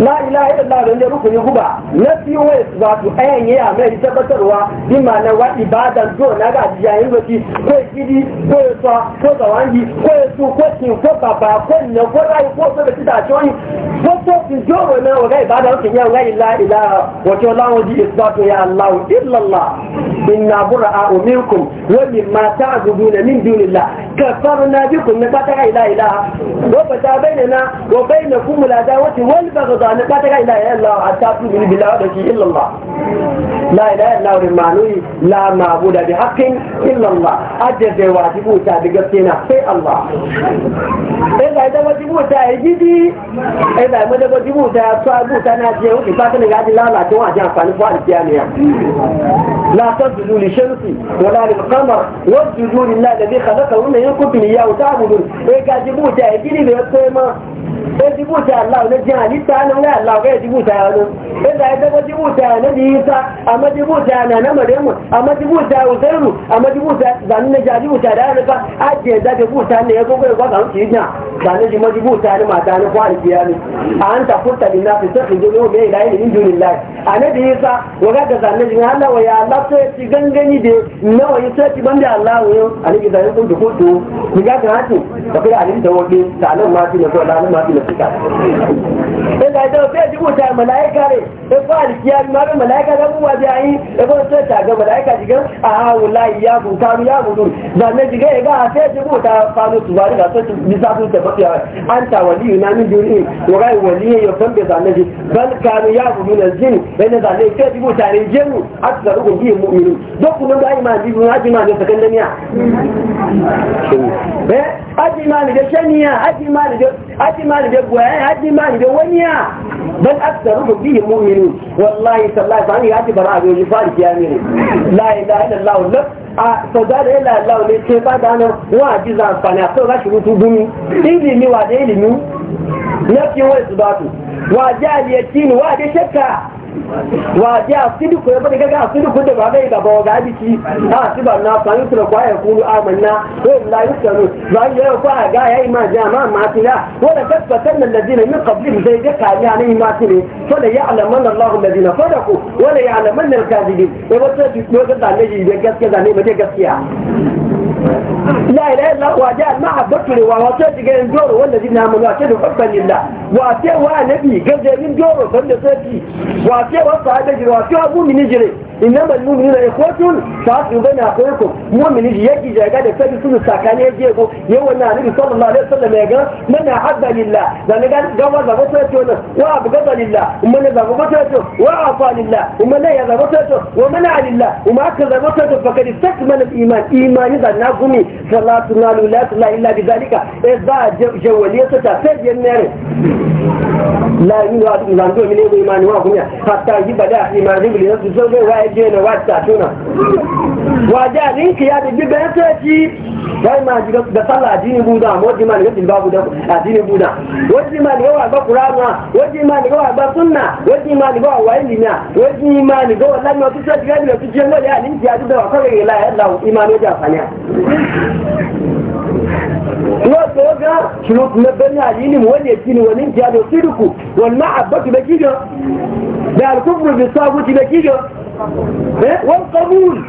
la ilaha illallah don da rukuni guba na fiye wato ayan yi a mai tabbatarwa bi ma'ana wa ibadan do na ga yayin goci ko gidi ko yasa ko zawangi ko yasu ko kin ko baba ko ne ko rai ko so da tita choni ko to kin joro na wa ga ibada ko ya la ilaha illallah wato lawo ji isbatu ya allah illallah inna bura'u minkum wa mimma ta'buduna min dunillah kafarna bikum na ta la ilaha wa bata bainana wa bainakum la dawati wal ba ga zane ka ta ga ila ila a ta fi bil bila da shi illa Allah la ila ila wa manui la ma'budu bi haqqin illa Allah adda da wajibu ta da gaske na sai Allah sai da da wajibu ta yi gidi sai da mu da wajibu ta to abu ta na je wuce ka kana ga ji lalace wa ji amfani ko alkiyamiya la tasjudu li shamsi wala lil qamar wasjudu lillahi alladhi khalaqahu in kuntum iyyahu ta'budun sai ga jibu ta yi gidi da sai ma sai jibu ta Allah ne jani isa nan ya Allah ga jibuta ya nan sai da ya ga jibuta na isa amma jibuta na na maryamu amma jibuta uzairu amma jibuta zan ne jaji buta da ne ka da jibuta ne ya go go ga kan tinya zan ne jibuta ne mata ni ko alkiya ne an ta furta bin nafi sai ku go ga ila ilin dunillahi annabi isa waga da zan ne Allah wa ya Allah sai ci gangani da nawa yi sai ci banda Allah wa annabi da ya kuntu kuntu ni ga ga hatu da kai alim da wani sanan ma fi na da ma fi na fika ina da sai ji buta malaika ne da fa alkiya ma da malaika da buwa da yi da ba sai ta ga malaika diga a wallahi ya bu karu ya bu dur da ne diga ga sai ji buta fa no tuwa da sai ji sa ta ba ya anta wali na min duri wa ga wali ya fan da zane ji bal kanu ya bu min jin ina da ne sai ji buta ne jinu aksaru ko bi mu'minu dokunan da imani bi ajima ne sakandaniya eh ajima ne shaniya ajima ne ajima ne gwaye ajima ne wani duniya dan aktsaruhum bihim mu'minun wallahi tallahi ban ya ji bara ga yi fari kiyami ne la ilaha illallah la a sauda da ila Allah ne ce ba da nan wa ji za amfani a sau gashi rutu gumi ilimi wa da ilimi na fiye wa isbatu wa jahiliyati wa da shakka ji a sidi ko yaba daga sidi ko da ba mai da ba ga biki ha siba na fani tura kwa ya kulu amanna ko la yusalu ba ya a ga ya ima jama ma na ko da tabbatan alladina min qablihim zai da ni ani ma tire fa la ya'lamanna Allahu alladina fadaku wa la ya'lamanna al-kadhibin yaba ta ji ko da ne ji gaskiya ne ba gaskiya la ilaha illallah wa ja'al ma'a bakr wa wa ta diga yin joro wanda jinna mu ga ta hubban lillah wa ta wa nabi ga da yin joro san da sai wa ta wa fa da jiro wa ta mu'mini jire innam al mu'minina ikhwatun fa tu bana akhukum mu'mini ji yaki ja da sai sun sakani ya je ko ya wannan nabi sallallahu alaihi wasallam ya ga man ahabba lillah da ne ga wa ga ta to wa abu ga lillah umma ne ga ga ta to wa afa lillah umma ne ya ga ta wa mana lillah umma ka ga ta to fa kad istakmal al iman imani a. nagumi salatu na lulatu la illa bizalika e ba jawaliya e ta tota, tafe biyan nere la yi wa duk zan domin ne imani wa kunya hatta yi bada imani bil nasu so zai wa e je na wa ta tuna wa da rinki ya da gibe ta ci wai ma ji da sallah addini buda mu ji ma ne ga babu da addini buda wai ma ne ga ba qur'ana wai ma ne wa ba sunna wai ma ne ga wa ilina wai ma ne ga wallahi ma tusa ga ne tuce ne ya linki ya da wa kare la ya la imani da fanya wọ́n tó gá ṣùgbọ́n kùnlẹ̀ ni wọ́n lè ni wọ́n ní ìjẹ́ àdó sídùkù wọ́n má àbọ̀ ti bẹ́ kí gan bẹ́ẹ̀ ti sọ́ọ̀bù ti bẹ́ kí gan wọ́n sọ búrú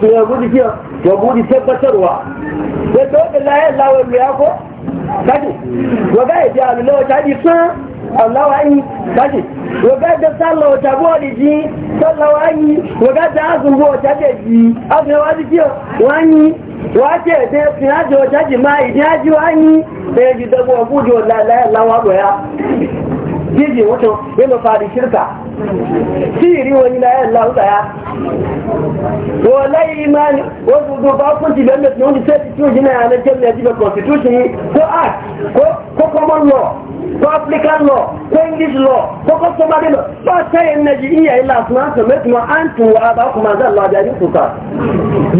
su ya gudu ya gudu tabbatarwa da to lawo mu ya ko kaji wa ga ya lawo ta ji sun Allah wa kaji wa ga da sallawa ta godi ji sallawa yi wọ́gájá azùgbò ọ̀jájẹ̀ yìí ọgbẹ̀wájú kí wọ́n yí wájẹ̀ ẹ̀dẹ́ fi ájọ ọ̀jájì máa ìdí ájú wá yí ẹ̀yí dẹgbọ́ ọgbúdì ọ̀láwọ̀ ya ya ti ko law, ko law, ko customary law, ba la yin ji iya ila suna su mai kuma an tuwa ba kuma zan la da yin kuka.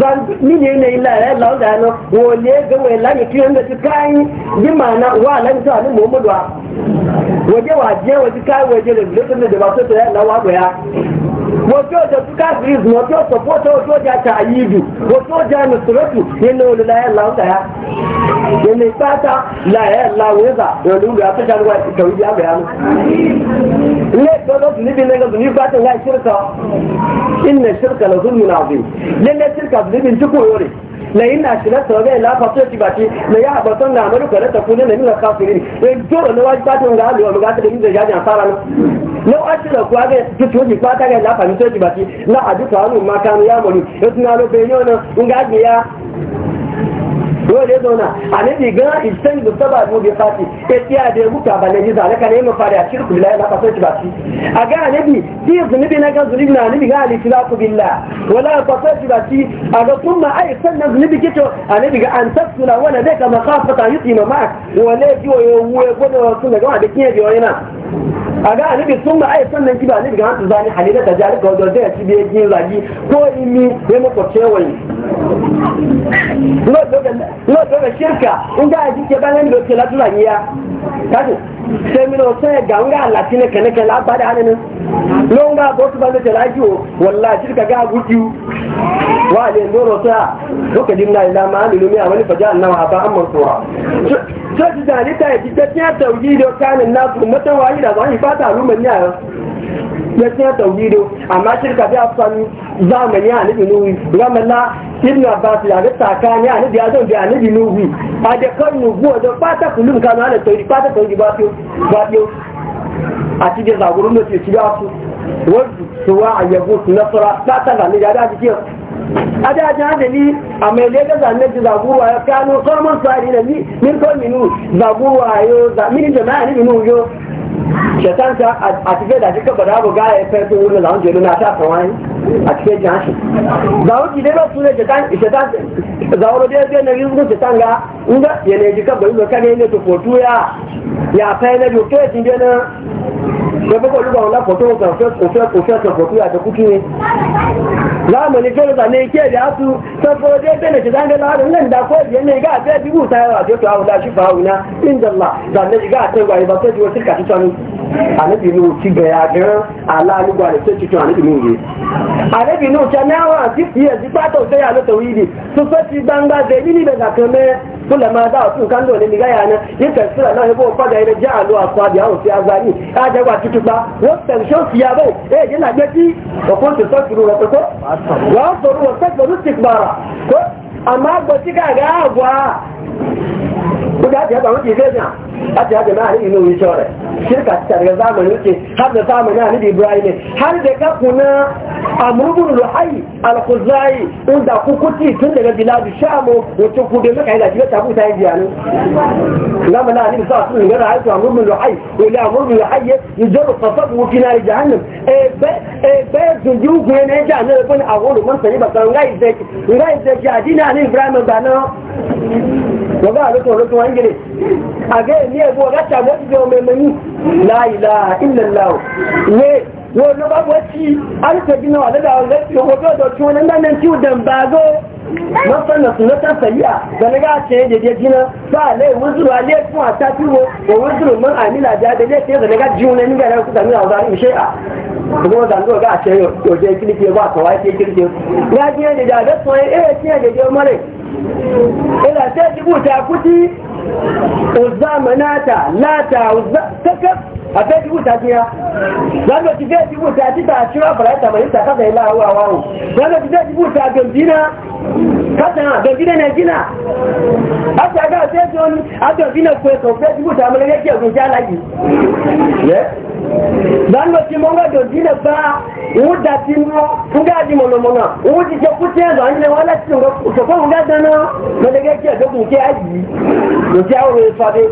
Zan mini ne ila ya ila da yana wole ga wai yi mana wa lani ta Muhammadu wa. Waje waje waje kayan waje ya. wato da su kafiris wato support wato da ta'yidu wato da nusratu yana wala la ya Allah ya yana fata la ya Allah weza yolu ga ta jarwa ta yi ya bayanu ne to da ni bin ga ni fata la shirka inna shirka la zulmun azim lalle shirka zulmin tuko na na náà ṣe lẹ́sọ̀rọ̀ bẹ́ẹ̀ lápapọ̀ tí bàtí lẹ́yìn àgbọ̀tán na àmọ́lù pẹ̀lẹ́ na e lẹ́yìn na fèrè ejò níwájú bá tó ń ga lù ọ̀nà gáàtì lẹ́yìn ìjọba àjàn ga lọ. lọ́wọ́ ti lọ fún abẹ́ tuntun ojú pátá rẹ̀ lápapọ̀ tí bàtí láàdúkọ̀ na a yá mọ̀lù ètùnú alóbìnrin náà ń ya. dole ya zauna a nan diga isan da saba mu bi fati ya tiya da ya huta ba ne ji zalaka ne mu fara a shirku billahi na kaso ci ba shi a ga annabi ji zunubi na ga zunubi na annabi ga ali tilaku billah wala kaso ci ba shi a ga kuma ai sannan zunubi kito annabi ga an tasula wala dai ka makafata yuti ma ma wala ji wa yo wo ko da wasu daga wa da kiyaye yana a ga anibi sun ba yi sannan kiba anibi ga hantu zani halila ta jari ga wajen zai cibiyar gini zagi ko imi ya mako cewayi lo doga shirka in ga a jike bayan da ke latula ya kaji sai sai ga wuri Allah shi ne kane kane labba da hannun non ga ba su bane talaki o wallahi shirka ga gudu wa ne ndoro ta duka dinna ila ma an lumi a wani faja Allah wa ba amma sura sai ji da ni ta yi ta tauhidi da kanin nasu mata yi da zan yi fata ruman ne ya tiya tauhido amma shirka fi afsan zamani a nabi nuhu ramalla ibn abbas ya ga tsakani a nabi azon da nabi nuhu a da kan nuhu da fata kullum kanu ala tauhidi fata ba fiyo ba fiyo a cikin da ke shiga su wasu suwa a yabo su nasara ta ta zane da daji kiyar a daji hadali a mai lega zane da zagurwa ya kano kamar sa'ari na min minu zamini minu shaitan ka a cikin da cikin bada bu gaya wurin da wanda na ta kawai a cikin jashi zawo ki dai ba su ne shaitan shaitan zawo dai dai na yuzu shaitan ga inda ya ne jika bai zo kane ne to fotu ya ya ne do ke tin dai na da ba ko lubawa la foto ko fa ko fa fotu ya da kuki ne zamani fere zane ke da su saboda dai bane ki zane la nan da ko yanne ga ta dubu ta yawa to to Allah shi fauna inda Allah zane ga ta gwai ba ta ta anabi nu ya ga ala ni gwa da ci to anabi nu ye anabi nu ta na wa ti ye pa to sai ala tawili ti banga ni da ga kame kula ma da su kan ya na ni ta na yebo pa ga ina ja alu asabi hawo si azani a da gwa tutuba wo sho ya ba e eh, na ti za su faru wa kai faru su ba amma ba ci ga gawa guda ku da ta yi zai a ce haka na hannun inu yi shawarar shirka ta daga zamani wuce har da zamani da ibrahim har da kaku na amurbin ruhai alkuzai inda kukuti tun daga biladu shamu wato kudin maka yana shiga tabu ta yi jiyanu zamani hannun sa sun ga rahai to amurbin ruhai wani amurbin ruhai ya jaru fasad wuki na jihannun e bai sun e ji hukun yana yanki a nan rufin a wani man sani ba san rai zai rai zai ji adina hannun ibrahim ba na waga a lokacin rufin wani gire a gaya ilé ẹ̀gbọ́n ọ̀gá tàbí ọ̀gá ọmọ ẹ̀mẹ́yìn láìláà ilẹ̀ láò wọ́n lọ bá wọ́n tí alìsẹ̀bí náà lọ́dọ̀ àwọn lẹ́sìn owó gbọ́dọ̀ tí wọ́n náà tí ó dẹ̀mbà gó ṣe a zai a buta ci ta shira bara ta mai ta kaza ila hawa wawo wanda ji zai ji buta gambina kaza gambina ne gina haka ga sai ji wani a gambina ko ko sai ji buta mun yake ko ja laji ye dan lo ti monga gambina ba wuda ti mo o ji mono mono wuji je kutia ga ne wala ti ngo ko ko kunga dana mun yake ko ko ke aji ko ja wo fa de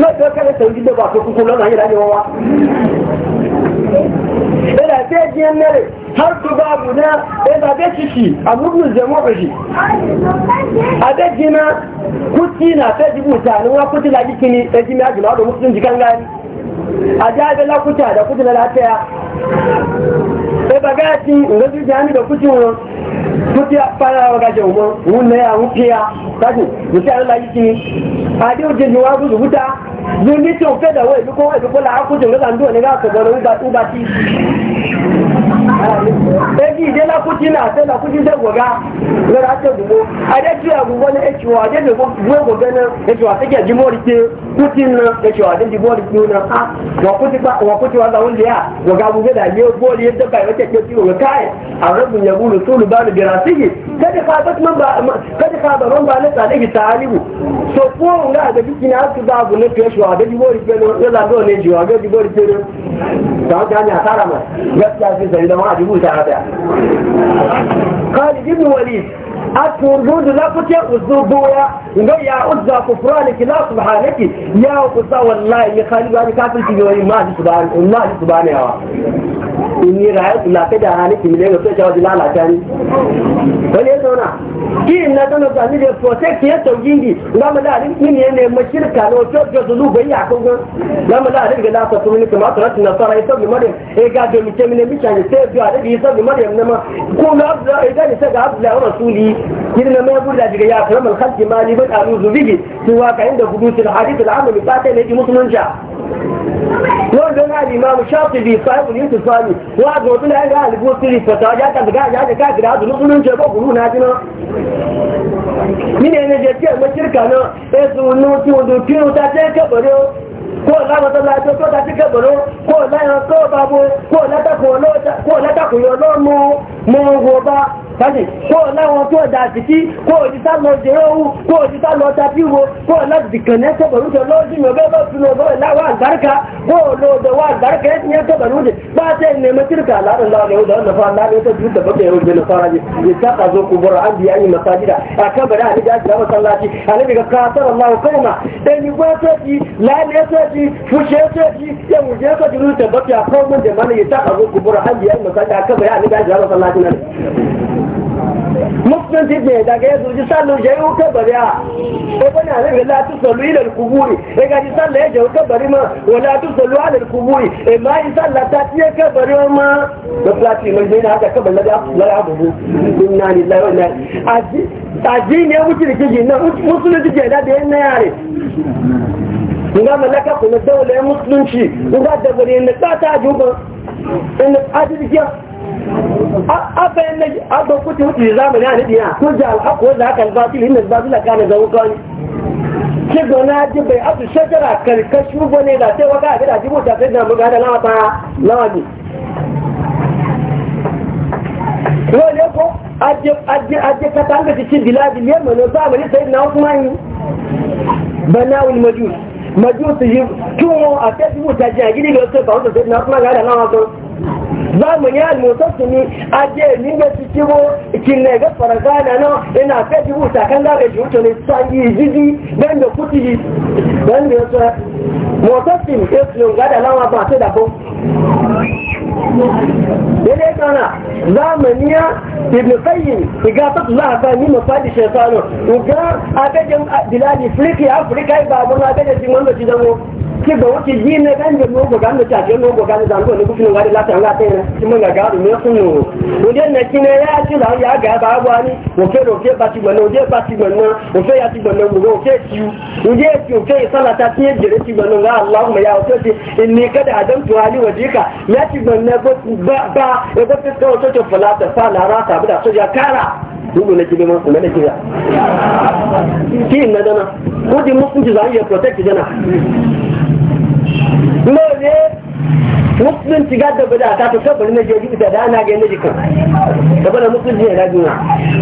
lo to ka ta ji da ba ko ko lo na ira ni wa yana sai jiyan mere har babu na yana da ciki a murnin jama'a shi a kuti na ta jibu ta ni wa kuti la jikini ta jimi a jima da musulun jikan gani a ja da la kuta da kuti na lafiya sai ba gaci nga su jami da kuti wani kuti a fara wa gaji umar wunna ya wufiya kaji mutu a la jikini a da wajen jiwa gudu wuta níbi tí òun fẹ́ dàwọ́ ìdúkọ́ ìdúkọ́ làákùjọ nígbà ń dùn nígbà àkọ́gbọ́n ní ìgbà tí eji ide na na ase na kuci goga lori ake gugu a dai tuya gugu na eci wa dai gugu goga na eci wa take ji mori ke kuti na eci wa dai ji mori ke na a wa kuci ba wa kuci wa ya goga gugu da ne boli yadda bai wace ke ciwo kai a rabin ya sulu ba da birasigi kada ka ba man ba ka ba man ba na tsade bi talibu so ko nga ba bu na tuya wa dai ji mori ke na ya zando ne ji wa dai ji ke na ta ta asara ma gaskiya sai sai da ma عجبوه تعالى قال ابن وليد a turbu da za uzu goya ga ya uzza ku fura ne ya wallahi ya ni kafin ki ga ma shi su ba ni ma shi in ni rayu la ka da hali ki ne ga ta wajin lalata ni ko ne to ki ki na to na ni da ko sai ki ya to ga ma da ni ki ne ne ma shirka no to ga zulu bai ya ko ga ma da ni ga lafa to ni kuma tarat na sara ita bi mare e ga ga mi ce ne mi ta ni sai bi da bi sai mare ne ma ko na da ni sai ga rasuli الحديث ما يقول لك يا أكرم الخلق ما لي من أعوذ به سوى عند حدوث الحديث العام من بعد الذي مسلم جاء لو لنا الإمام الشاطبي صاحب اليوم الثاني واحد وقت له قال يقول لي فتاجات أبقى جاد كاكر هذا مسلم جاء بقولون هذا من أنا جاتي أما شركة أنا إيه سوى النوتي ودوتي وتاتي كبريو kó lábàtọ́lá tó tó ta síkẹ̀ kó láyọ̀ tó bá bo kó látàkùn yọ lọ́ mú mú wo bá kó láwọn tó dà síkí kó òjìṣà lọ jẹ́rọ̀ wù kó òjìṣà lọ tapí wo kó láti kẹ̀lẹ́ sọ̀bọ̀rù tó lọ́ọ́sì mi ọ̀bẹ́ bá fún ọ̀bọ̀ ìláwà àgbáríkà kó lọ́ọ̀dọ̀ wà àgbáríkà ẹ̀ tiẹ̀ sọ̀bọ̀rù dè bá tẹ̀ ní mẹtírìkà láàrín aláàrín tó dùn tẹ̀bọ̀ tẹ̀ ji fushi ya ce ji ya wuje ka jiru ta bafi mun da mana zo kubura an nan daga ya sallu ko la tu sallu ila kuburi e ga ji sallu bari ma wala tu sallu ala kuburi e ma yi ka bari ma da plati ka balla da la inna lillahi wa inna ne wuce da kiji na musulunci ke da da yare nga malaka kuna daula musulunci nga da bare ne ta ta juba in adirgiya abba yana abba kuti wuce zamani a nadiya ko ja alhaku da haka albatil inda albatil ka ne zawo kan ke gona ji bai abu shajara karkashin gone da sai waka ga da jibo ta sai da muga da lawa ta lawa ne wale ko aje aje aje ka tanga cikin biladi ne mun zamani sai na kuma yi banawul majus majusihim kí wọn àtẹ́síwò jajì àgídí lọ sí ọ̀pá ọ̀sẹ̀ tó ti náà fún àgbàdà náà wọn gan zamani ya motsa su ne a je ni ga su kibo kin ne ga faragana na ina ka ji wuta kan da ga juto ne san yi jiji dan da kuti dan da su motsa ne su ga da lawa ba ta da ko kana zamani ibn qayyim ga ta Allah ba ni mafadi shaytanu ga aka jin biladi fliki afrika ba ba ga jin wanda ci dawo ki ba wuce yi ne kan da no ga ga ta ce no ga ga da ko ne ku ne da bukata nga tena timo nga garu me kunu uje na kine ya ti la ya ga ba wa ni o ke ro ke ba ti gbona uje ba ti gbona o fe ya ti gbona wo o ke ti u uje ti o ke sala ta ti e jere ti gbona nga allahumma ya o ke ti inni kada adam tu ali wajika ya ti na ba ba e ko ti ko to to fala ta sala ra ta bi da so ya kara dubu na jibe ma kuma na jiya ki na dana ko di mu kun ji zan ya protect dana ne musulunci ga da bada ta ta bari na je da da ana ga ne dikan da bada musulunci ne rajuwa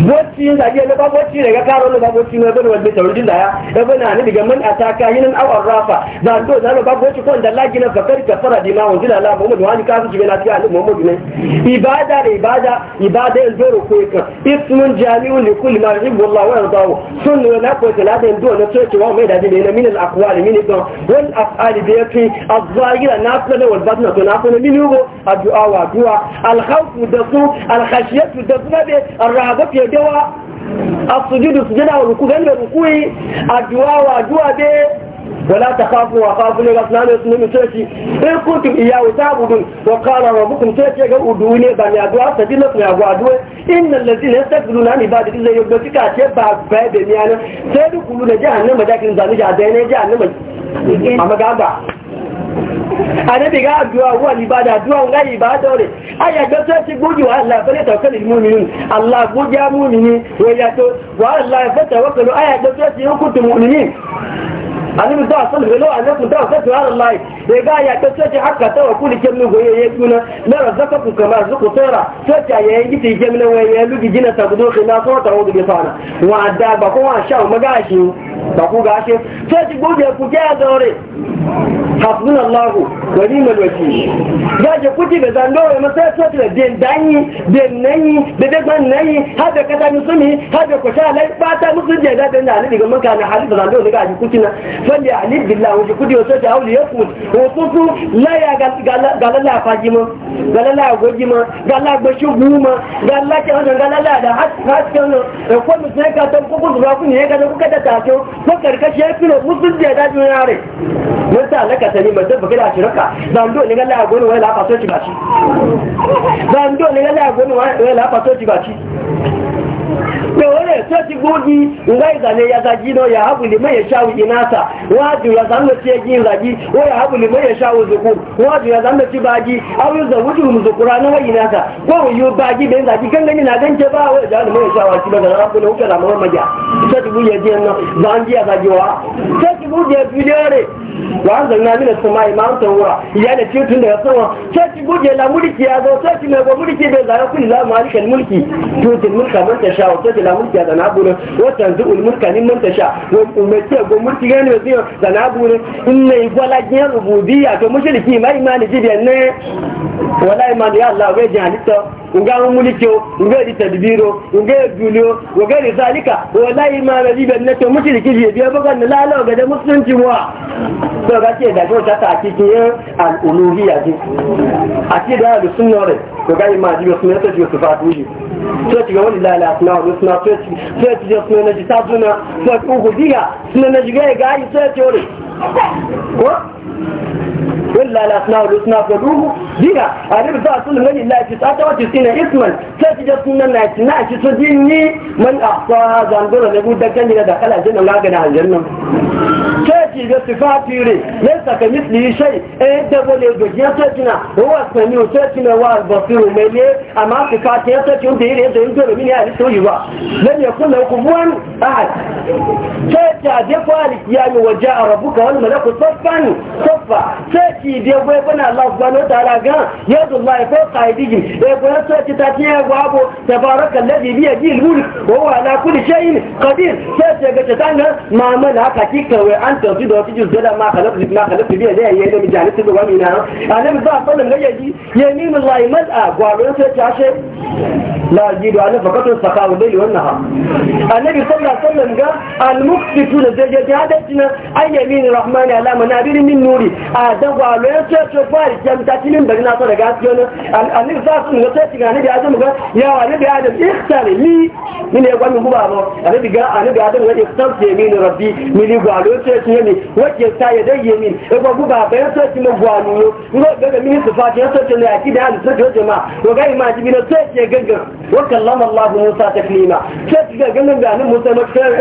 bocci yin zage na babocci daga karo na babocci ne bada wanda ta rujin daya da na ne diga man ataka yin aw arrafa da do da na babocci ko da lagi na fakar ka fara di ma wanda Allah Muhammad wani kasu ji na tiya Muhammad ne ibada da ibada ibada in doro ko ka ismun jami'u li kulli ma yuhibbu Allah wa yardahu sunna na ko ta la da do na ce wa mai da ne min al aqwali min al wal af'ali bi yati al zahira da wal batna ko na kuna dini ugo adu'a wa du'a al-khawfu dasu al-khashiyatu dasu nabe ar-rahaba fi dawa ga uduni ba ne adu'a sabila ku ya gwa adu'a inna allazina yastaghfiruna li ibadati la yubtika ana sai dukulu da jahannama da kin zalija da ne jahannama amma àdébì ká àdúrà wà ní ìbádà àdúrà ń gáyì ìbádọ́ rẹ̀ ayàgbẹ́ tó ti gbójú wàhálà fẹ́lẹ̀ tọ̀kẹ́lì múmìnú aláàgbójá múmìnú wẹ̀yàtọ̀ wàhálà ìfẹ́tẹ̀wọ́pẹ̀lú ayàgbẹ́ tó ti ń kùtù múmìnú annabi da sallallahu alaihi wasallam annabi da sallallahu alaihi wasallam sai ga ya ta ce haka ta wa kulli kemni goye ya tuna na razaka ku kama zuku tsara sai ta ya yi gidi kemni wai ya lugi gina ta gudu khina so ta wudu bi sana wa da ba ko wa sha magashi ba ku gashi sai ji goje ku ga dore hasbun Allah wa ni'mal wakil ya je kuti da zandowe ma sai sai da den danyi den nayi da da ban nayi har da kada musumi har da ku sha lai ba ta musu je da dan da ni ga mun kana halin da zandowe ga ji kutina fali alif billah wuce kudi wato ta hauli ya kun wato su laya galala faji ma galala goji ma galala gbashi guma galala ke galala da hasken nan da sai ka kuka ne kuka da tafiyo ko karkashi ya da ya mun ta ne ci ba ci ne ba ci pé ó lè tó ti gbógi ńlá ìdàlẹ̀ yàtàjì lọ yà ábùlé mẹ́yẹ̀ ṣáwù a wọ́n á jùlọ sáńlọ tí ya ìlàjì ó yà ábùlé mẹ́yẹ̀ ṣáwù zòkú wọ́n á jùlọ sáńlọ tí bá jí awúzọ̀ wújú mùsùkúra náà ìnáta gbóhù yóò bá jí bẹ́ẹ̀ ńlàjì gẹ́gẹ́ ní nàgẹ́ ń jẹ báwọ̀ ìjà lè mẹ́yẹ̀ ṣáwù àti lọ́gà náà pẹ̀lú òkè làmọ́ ci tó ti gbóyè díẹ̀ náà zanji àtàjì wa tó ti gbóyè fílẹ̀ وأنزلنا من السماء ماء طهورا يعني ya daga wa? sai ki guje la mulki ya zo sai ki mai mulki bai zara kullu la malika al mulki tutil mulka man tasha wa tutil ila mulki da na bune wa tanzu'ul mulka mimman tasha wa umati go mulki gani wa zio da na bune inna igwala jiya to mushriki mai imani jibiyan ne wala imani ya Allah ga jalita nga mulki nga di tadbiro nga dulio nga di zalika wala imani jibiyan ne to mushriki jibiya bagan la la ga da musulunci wa to ga ce da ta ta cikin al-uluhiyya ji akida da sunna re to ga imani jibiya sunna ta ji sifatu ji to ci ga wani la la asma na sai ci da na ji ta suna sai ku gudiya suna na ji ga ya ga walla la asna wa usna fa duhu diga annabi sa sun gani la ci ta wata sina isman ta ci da sunan na ci na ci to dinni man ahsa na ne bu dakkan ne da kala jinna la ga da aljanna ta ci da sifati re laysa ka misli shay eh da bole do ya ta ci na wa sami o ta ci na wa basiru mai amma sifati ya ta ci da ire da yin dole mini a to yi ba lam yakun lahu kufuwan ahad ta ta be fari kiyami wa ja'a rabbuka wal malaku saffan saffa sai ki de bai bana Allah subhanahu wa ta'ala ga yadu Allah ko qaidiji e ko sai ki ta tiya gwabo tabaraka alladhi bi yadihi al-mulk wa huwa ala kulli shay'in qadir sai ta ga ta tanga ma man haka ki kawai an tausi da wata juzda ma khalaq bi ma khalaq bi yadihi yayin da mijalis da wa mina annabi ba sallan ga yaji yamin Allah mal'a gwabo sai ta she la jidu ala fakatun sakawu dai wannan ha annabi sallallahu alaihi wasallam ga al-muqsit يجون زيجة هادتنا أي يمين الرحمن على منابير من نوري آدم وعلوية شوش وفاري كم تاتلين بغنا صورة قاسيونا أنه ذات من نصيتك أنه بي آدم قال يا أنه آدم اختار لي من يقوى من هو أبو أنه بي قال أنه بي آدم اختار يمين ربي من يقوى علوية شوش يمين وكي يستعي دي يمين يقوى هو أبو يا شوش من هو أبو يقوى من صفاتي يا شوش اللي أكيد هذا سجل جماعة وقال ما أجيب من صوتي يقلقر وكلم الله موسى تكليما شوش يقلقر موسى مكتر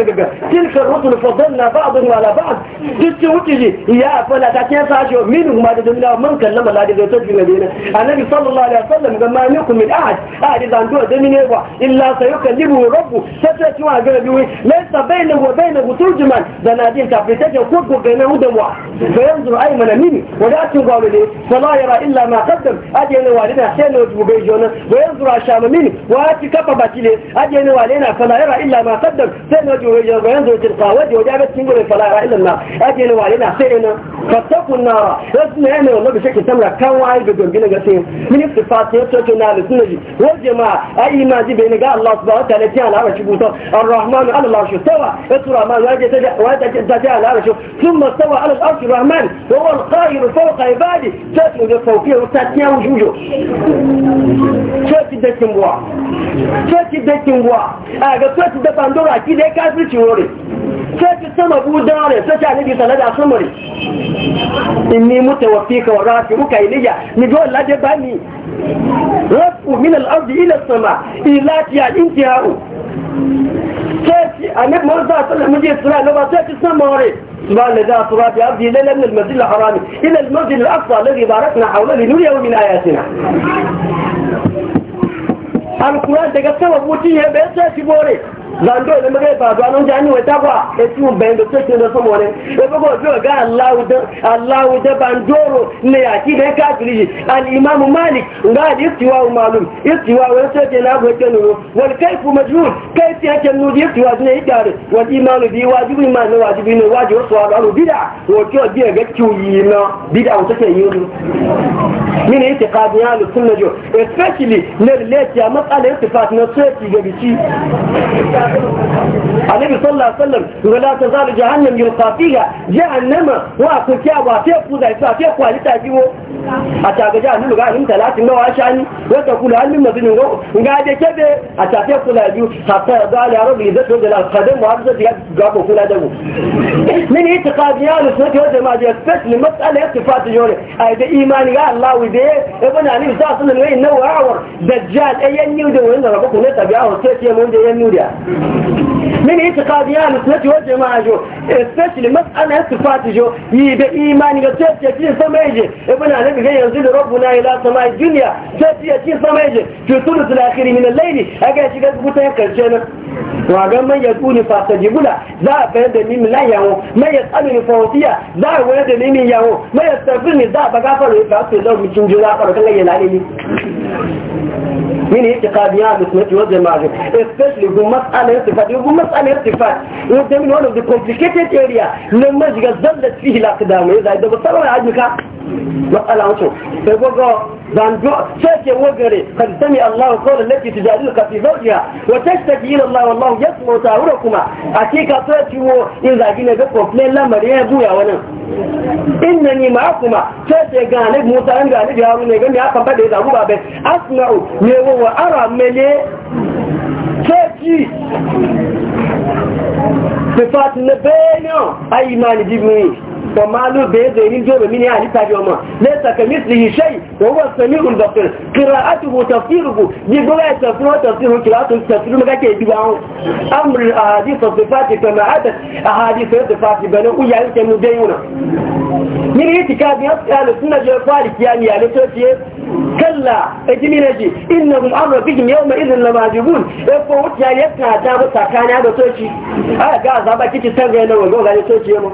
تلك فضلنا بعض على بعض دكي وكي يا فلا تكين ساشو منهم ما لا من كلم الله دي زوتو في مدينة النبي صلى الله عليه وسلم كما منكم من أحد أحد إذا عنده دمين يبوا إلا سيكلمه ربه ستأتي مع قلبه ليس بينه وبينه ترجمان دنادين تفريتك وكوكو بينه دموا فينظر اي من مني ولا تنقل لي فلا يرى إلا ما قدم أدي أنا والدنا حسين وجبه بيجونا وينظر أشام مني وأتي كبا باتيلي أدي أنا والدنا فلا يرى إلا ما قدم سين وجبه بيجونا وينظر تلقاوة je wajen abin gure fala ra ilin na ake ne wale na sai ina fattakun na wasu na yanayi wanda bishe ke samra kan waye ga gombi na gasi ministry party ya tsoto na alisun na ji wani jama'a ayi ma ji bai ni ga allah su ba wata ne tiya al'ara shi buta ar-rahman allah shi sawa ya tura ma ya je ta ta al'ara shi sun ma sawa ala al'arshi rahman wa wal qahiru fawqa ibadi sai su ga fawqiyya wata tiya wujujo sai ki dakin buwa sai ki dakin buwa a ga sai ki da bandora ki dai kafirci wore كيف سمبو داري سجع نبي صلى الله عليه وسلم إني متوفيك ورافعك إلي نقول لا جباني رفع من الأرض إلى السماء إلا يعني انتهاء كيف أنك مرضى صلى الله عليه وسلم لما تأتي السماء سبحان الذي أصرى في عبده ليلا من المسجد الحرام إلى المسجد الأقصى الذي باركنا حوله لنريه من آياتنا القرآن تقسم أبوتيه بيسا شبوري zando da muka yi faruwa nan jani wata ba da cikin bayan da cikin da sama wani da kuma biyo ga allahu da bandoro ne ya ki da kafiri al'imamu malik ga da istiwa malum istiwa wani soke na gwake nuru wani kaifu majhul kaifi yake nuru istiwa ne ya gari wani imanu bi wajibi ma ne wajibi ne wajibi wasu wa baro bida wato yau biya ga kiwi na bida wata ke yi wani mini yake kadin ya lutun na jo especially na relate ya matsalar istifat na soke ga bici annabi sallallahu alaihi wasallam la ta jahannam yulqa fiha jahannama wa ku kya wa te ku da ta te ku jiwo a ta ga jahannam ga hin talatin ga washani ko ta kula halin mazin ga ga da kebe a ta te ku laju hatta da ala rabbi da to da alqadam wa da ya ga ko kula da mu min itiqadiyan sunnati wa jama'a da fasli mas'ala ittifaq jore ai da imani ga Allah wi da ibn ali sallallahu alaihi wasallam ne nawawar dajjal ayyan yau da wannan rabu ku ne tabi'a wa sai ce mun da yan nudiya من اعتقاد يا نسلتي وجماعة جو especially مسألة صفات جو يبقى إيمان يتوب تأتي سميجي ابن عالم غير ينزل ربنا إلى سماء الدنيا تأتي يأتي سميجي في ثلث الأخير من الليل أجا شكا تقول كرشانا وعقام من يدعوني فاستجيب له ذا فهد من لا يهو ما يسألني فوتيا ذا ولد من يهو ما يستغفرني ذا بغافر يفعصي الله من شنجلا فرقنا يلعني من اعتقاد يا نسلتي وجماعة especially مسألة مسألة ارتفاع يقول مسألة ارتفاع وده من one of the complicated area لما جيغا زلت فيه الأقدام إذا إذا بصروا يعجبك مسألة عنه فيقول زانجو شاكي وقري قد سمع الله قول التي تجادلك في زوجها وتشتكي إلى الله والله يسمع تاوركما أكيكا تأتي إذا جينا بكمبلين لما ريابو يا ونم إنني معكما شاكي غانب موسى غانب هارون غانب أكبر إذا هو أبس أسمع ميوو وأرى مليه ceci sifatin na bayanin a imani jibin وما له بيده يجوب من يعني وما ليس كمثله شيء وهو السميع البصير قراءته تفسيره يقول تفسير وتفسيره قراءته تفسيره ما كان يجيب يجيبه أمر الأحاديث والصفات كما عادت أحاديث الصفات بنو ويعني كانوا ديونا من اعتقاد أهل السنة جوفارك يعني على توتي كلا اجمين اجي إنهم أمر بهم يومئذ لما يجيبون فوت يعني يبقى عذاب سكان على توتي أنا قاعد أبقى كتير سنة أنا وقول هذا توتي يوم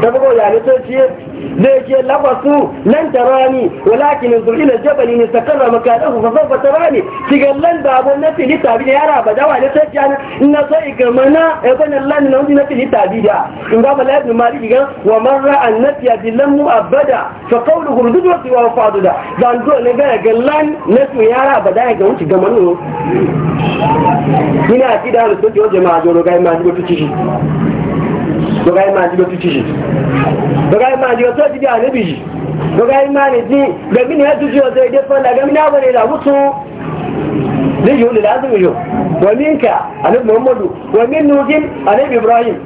da bugu ya nito ce da yake lafasu nan ta rani walakin zuri ila jabali ne sakarra makaɗa su fasar ba ta rani cigallan dabon na filita bi da yara ba dawa ne ta ce ana ina so iga mana ebe lani na wani na filita bi da in ga ma laifin mari iga wa marra an na fiya bi lan mu abada fa kawo da duk wasu wa fadu da zan zo ne ga ga na su yara ba da ya ga wuce gama ne ina fi da halittar jama'a jiro ga yi ma'a jiro ta lọ́gá yìí máa jí ló tún tìṣì lọ́gá yìí máa jí ọtọ́ ti di àníbì yìí lọ́gá ni ẹ tún ṣe ọ̀sẹ̀ èdè fọ́nà gẹ̀mí náà wọlé ìlàwó ni níyìí ni lásìkò yìí wọ́n ní nkà muhammadu wọ́n ní nugin àníbì ibrahim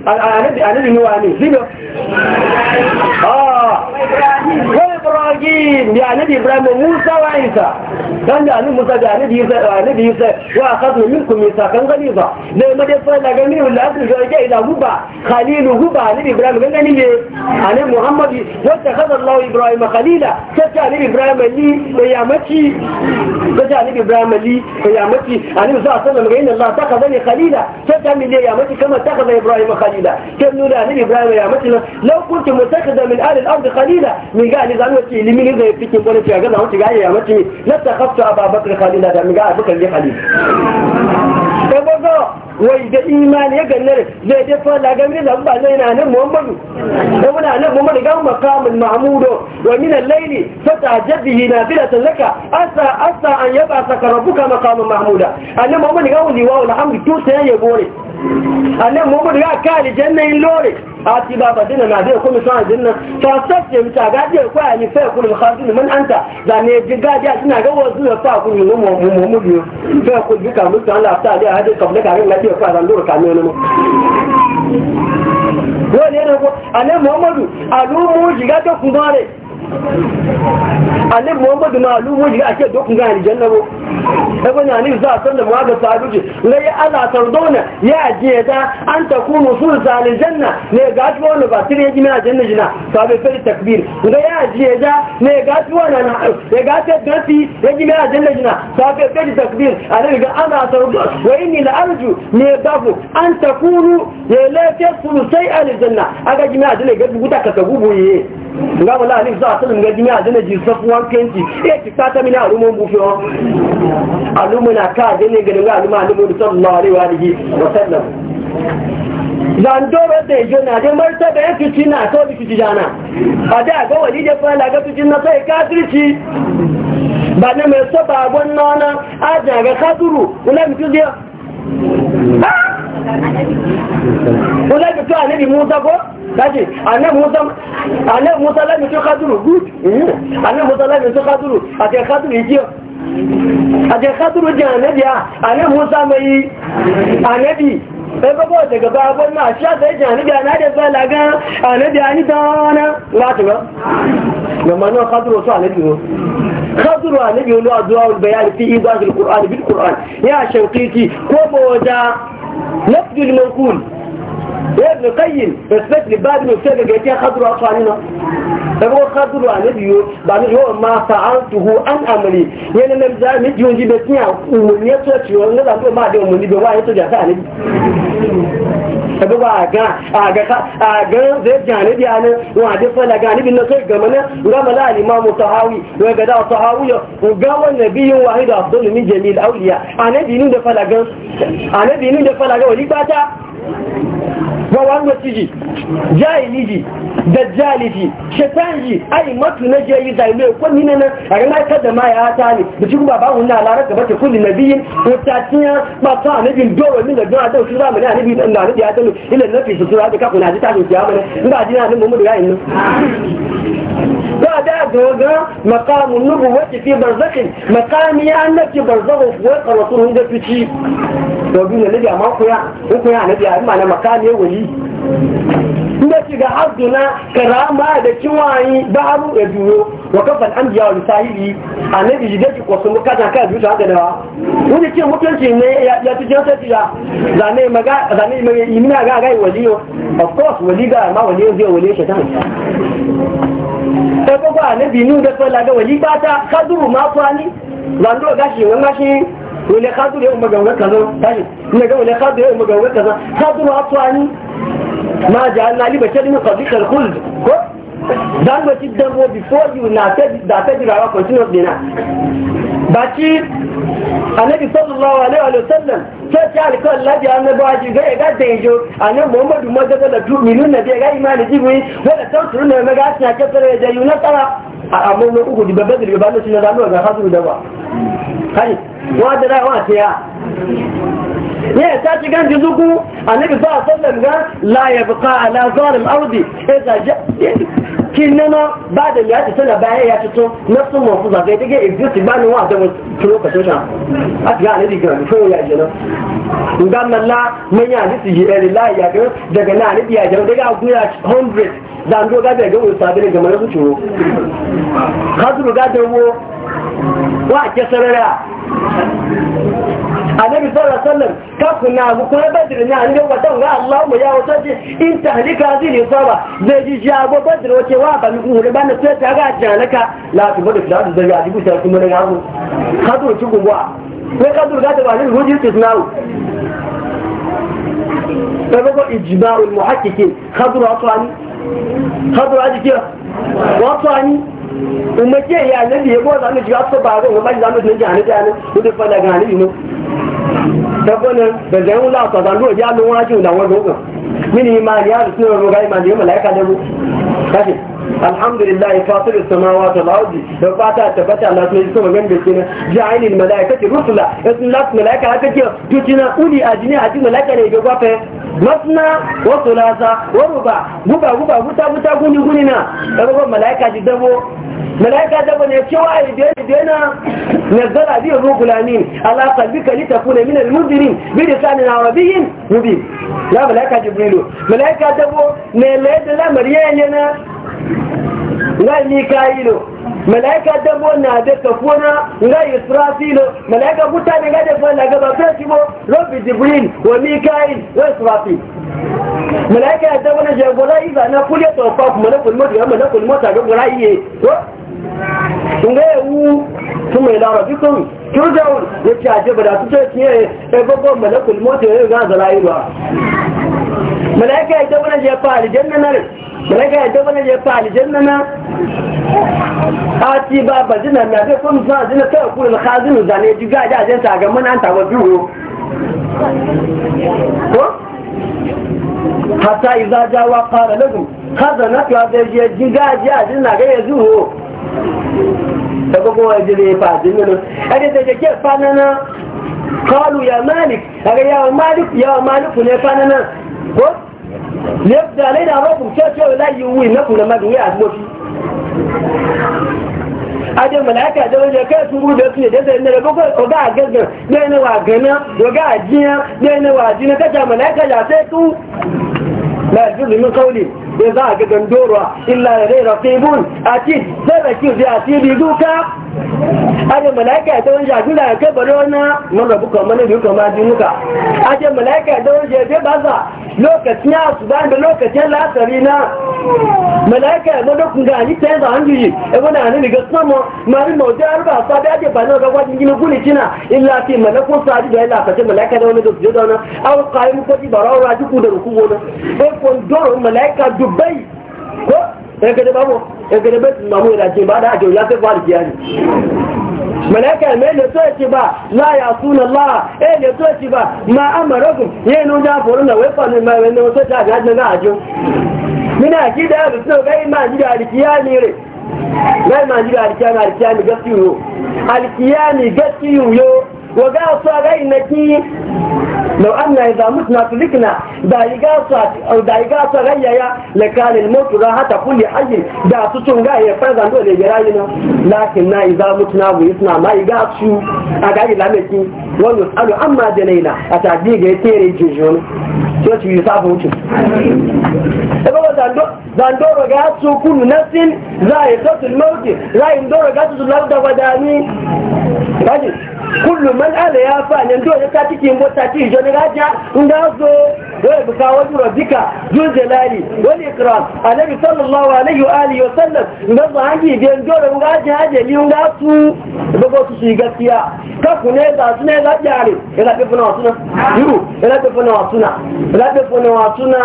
àníbì nuwani sílò. يا نبي إبراهيم موسى وعيسى كان بأنبي موسى بأنبي عيسى وأنبي عيسى وأخذنا منكم ميثاقا غليظا لما يصل لغني ولا أصل جاء إلى هبا خليل هبا نبي إبراهيم قال لي أنا محمد واتخذ الله إبراهيم خليلا إبراهيم لي قيامتي تجا أنبي إبراهيم لي قيامتي أنبي الله اتخذني خليلا كما اتخذ إبراهيم خليلا كم نقول إبراهيم لو كنت متخذا من أهل الأرض خليلا من قال لي ni ne zai fikin bane ce ga zamu tiga ya mace na ta khafta ababakar khalila da miga abakar ne khalil sai bago wai da imani ya gannar zai je fa la gamri da ba zai na nan muhammadu da muna nan muhammadu ga maqamul mahmudu wa min al-layli fatajab nafilatan laka asa asa an yaba sakarabuka rabbuka maqamul mahmuda annabi muhammadu ga wali wa alhamdu to sai ya gore annan muhammadu ya ka aljanna yin lore a ti ba ba dina na zai kuma sun aljanna ta sace mita gaje ko ya ni fa kullu khatin man anta da ne ji gaje suna ga wasu da fa kullu mu mu mu mu biyo fa kullu ka mutu Allah ta da hadi kabla ka ran lafiya fa ran lore ka ne mu dole ne ko annan muhammadu alumu jiga ta kuma annabi muhammadu na alumu ji ake dokun ga aljanna bo ta bani annabi za a san da mu ga sabuji la ya ala tardona ya ajiye da an ta kunu sul zal janna ne ga ji wani ba tire ji na janna jina to be fari takbir ga ya ajiye da ne ga ji wani na ne ga ta dafi ya ji na jina to be fari takbir annabi ga ana tardona wa inni la arju ne babu an ta kunu ya la ta sul sai aljanna aga ji na janna ga buta ka tabubuye nga wala ni za ta nga dinya da ji safuwan kanti eh ki ta ta mina alumun bufiyo ka da ne ga nga aluma alumun sallallahu alaihi wa alihi wa sallam zandoro da ijo na dai martaba ya fici na so bi fici jana a da ga wani da fara ga fici na sai kafirci ba ne mai so ba gwan na a da ga kaduru wala mutu zai ko za ki to annabi musa ko kaje annabi musa annabi musa la mi khaduru good eh. annabi musa la mi khaduru ate khaduru yiyo ate khaduru je annabi a ah. annabi musa mai annabi sai gaba da gaba abin na shi sai ji annabi da zuwa laga annabi ani da wani lati ba na manuwa kaduro su annabi ne annabi ne a zuwa bayani fi izatul qur'an bil qur'an ya shankiti ko boda نفي المنقول ibn qayyim respect li ba dinu sege ge ti khadru aqalina da go khadru ale biyo ba ni yo ma fa'altuhu an amali yene nem za mi ne da to ma de mo ni be wa to ja ta ale sabu ba ga aga ka aga ze jani bi ale wa de fa la gani bi no sai ga mana ga mala al imam tahawi wa ga da tahawi yo ga wa nabiyyu wahid wali ba rawan wacce ji jahili ji dajjali ji shaitan ji ai matu na je yi zai ko ni ne nan a ranar kada ma ya hata ne da shi kuma ba wani na larar gaba ta kulli na biyin wutacin ya ba ta anabin dole min da don a dauki za mu ne anabin na anabi ya talo ila na fi su sura da kaku na ji tashin kiyama ne in ba ji na nan mu da yayin nan ba da goga maqamun nubuwati fi barzakhin maqami annaki barzakhu wa rasulun da fici to bi na da ma koya ko koya a ya ma na makami ya yi inda ci ga abduna karama da kiwayi babu da duro wa kafan an biya wani sahibi a nan da jide kwasu muka na kai zuwa haka dawa wani ce mutunci ne ya ci jan sai ya zane maga zane maga imina ga yi waliyo of course wali ga ma waliyo zai waliyo shaitan sai ko ba nabi nu da fala ga wali ba ta kaduru ma fani zando gashi wani gashi wale kadu da umma gawa kaza tashi ne ga wale kadu da umma gawa kaza kadu ma tsani ma ja'alna li basharin min qablikal khuld ko dan ba ci dabo before you na ta da ta jira ko continue dina ba ci annabi sallallahu alaihi wa sallam sai ta alka Allah ya annabi waji ga ga da yajo annabi Muhammadu madaka da tu minun nabi ga imani jibi wala tawtur ne ma ga ta ka tare da yuna tara a amma uku di babadri ba na shi na da ga hasu da ba kai wa da rawa ta ya ya ta ci gan ji a annabi ba sallam ga la yabqa ala zalim ardi idza ja kinnana ba da ya ci sana baya ya fito na sun mafu zaga ta ga exist ba ni wa da kilo ka tosha a ga annabi ga ko ya jina ngan Allah mun ya ji ji eh, la ya ga daga na annabi ya ga daga guya zango ga daga wani sabi ne game da su ciro kasuru ga dawo wa ke sarara annabi sallallahu alaihi wasallam kafuna mu ko badr na ne wata ga Allah mu ya wata ce in tahlika zai ne saba zai ji jabo badr wace wa ba mu ne bana sai ta ga janaka la tu bada da da ya dubu sai kuma ga mu kadur ci gumwa sai kadur ga da ba ne ruji tisnau sabago ijma'ul muhaqqiqin kadur atwani hadura jiki wasu ani umarci ya nabi ya kowa zamu shiga su ba ga umarci zamu ne, jihani da yanin kudu fada ga hannu ino ne da zai wula a tsazan ruwa ya lun wajen da wani rogan mini imani ya rusu na roga imani ya mala'ika da mu kashi alhamdulillah fasiru samawa ta laudi da fata tabbata na sunan sama gan da kenan ja'ilil mala'ikati rusula yasun lati mala'ika haka ke tuci na uli ajini ajini mala'ika ne ga gwafa masna wa sulasa wa ruba guba guba guta guta guni guni na ɗarɓar mala'ika ji dabo malaika dabo ne cewa idan Allah nazara bi rugulamin ala qalbika litakuna min almundirin bi lisanin arabiyyin mubin la malaika jibrilu malaika dabo ne le da lamariya yana na lo malaika dambo na da kafuna nga israfilo malaika mutane ga da falla ga ba sai mo rabbi jibril wa mikail wa israfil malaika dambo na jagora iza na kule to kuma na kulmo da amma na kulmo ta ga iye nga ewu tuma ila rabbikum turja'un yace su ce malakul maut ya ga zalai ba malaika bana je fa aljanna malaika bana je fa aljanna ati ba bazina na ga kun sa ta ku al khazin zane da ta ga mun an ta ba ko hatta jawa qala lahum ga sababu wa jire fa jinnu ade da ke fanana qalu ya malik aga ya malik ya ne fanana ko ne da lai da rabu ce ce la na kuma madu ya azmofi ade malaka da wajen kai sun rubuta su ne da zai nare ko ga gaggan ne na wa gana ko ga jiya ne na wa jina kaja malaka ya sai tu la yuzu min da za a ga gandorwa illa da rai rafibun a ci zarraki zai a ci duka a ce mala'ika ta wani shafi da kai bari wani mara buka biyu a ce mala'ika ta wani shafi da sa lokacin ya su ba da lokacin lasari na mala'ika ya zama kun gani ta yanzu an juyi ya wani hannun daga sama mari mawuce har ba sa da ake bani ga gwajin gini kuni cina illa fi malakun sa'adu da ya laface mala'ika da wani da su je da wani da rukubo na ɗaukon doron mala'ika do bai ko ya babu bai mamu yana ce ba da ake ya sai fara kiyani malaika mai da so ba la ya la eh da so ba ma amarakum yayin nun da forun da wai ne mai wannan so ta ga nan ajo mina ki da da so ga ma ji da alkiyani re ga ma ji da alkiyani alkiyani gaskiyo alkiyani gaskiyo gobe a su a ga innaki lau anna ya zamu na su likina da yi ga su a rayyaya na kanin motu ran hata kulle aji da su tun ya fara zanto da ya rayu na lakin na yi zamu na bu isna ma yi ga su a ga ila mai wani alu an ma da naina a ta bi ga ya tere jinjin yi sabon cin. ebe ba zanto zanto ba ga su kunu za a yi sotun za a yi ndoro ga su su lafi dafa dani. kullum ma mas'ala ya fa ne dole ta cikin mota ci jo ne gaja in da zo dole bu kawo duro dika zul jalali wal ikram annabi sallallahu alaihi wa alihi wa sallam da ba hangi da dole mu gaja haje ni da su da go su yi gaskiya ka ku ne da su ne da jare ila be funa suna yuru ila be funa suna ila be funa suna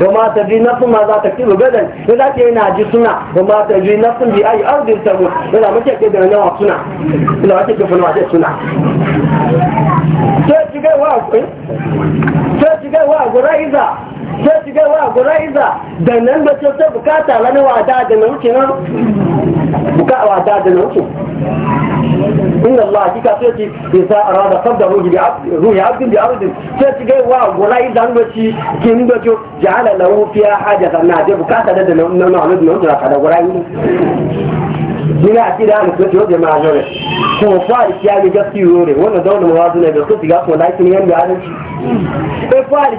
wa ma tadri nafsu ma za ta kibu gadan ila ke na ji suna wa ma tadri nafsu bi ai ardin tabu ila muke ke da na suna ila muke ke funa suna sai shigarwa a gura'iza sai da nan da sai bukata ranar wada da na wuce nan Bukata wada da na wuce inda Allah kika sai ce ya sa a rada sabda ruhi abdin da abdin sai shigarwa a gura'iza an gaci kin da jo jahala lahu fiya hajata na je bukata da na na na na jina a cikin hannun sojo da majalar kuma fa da kiya ne yore zaune da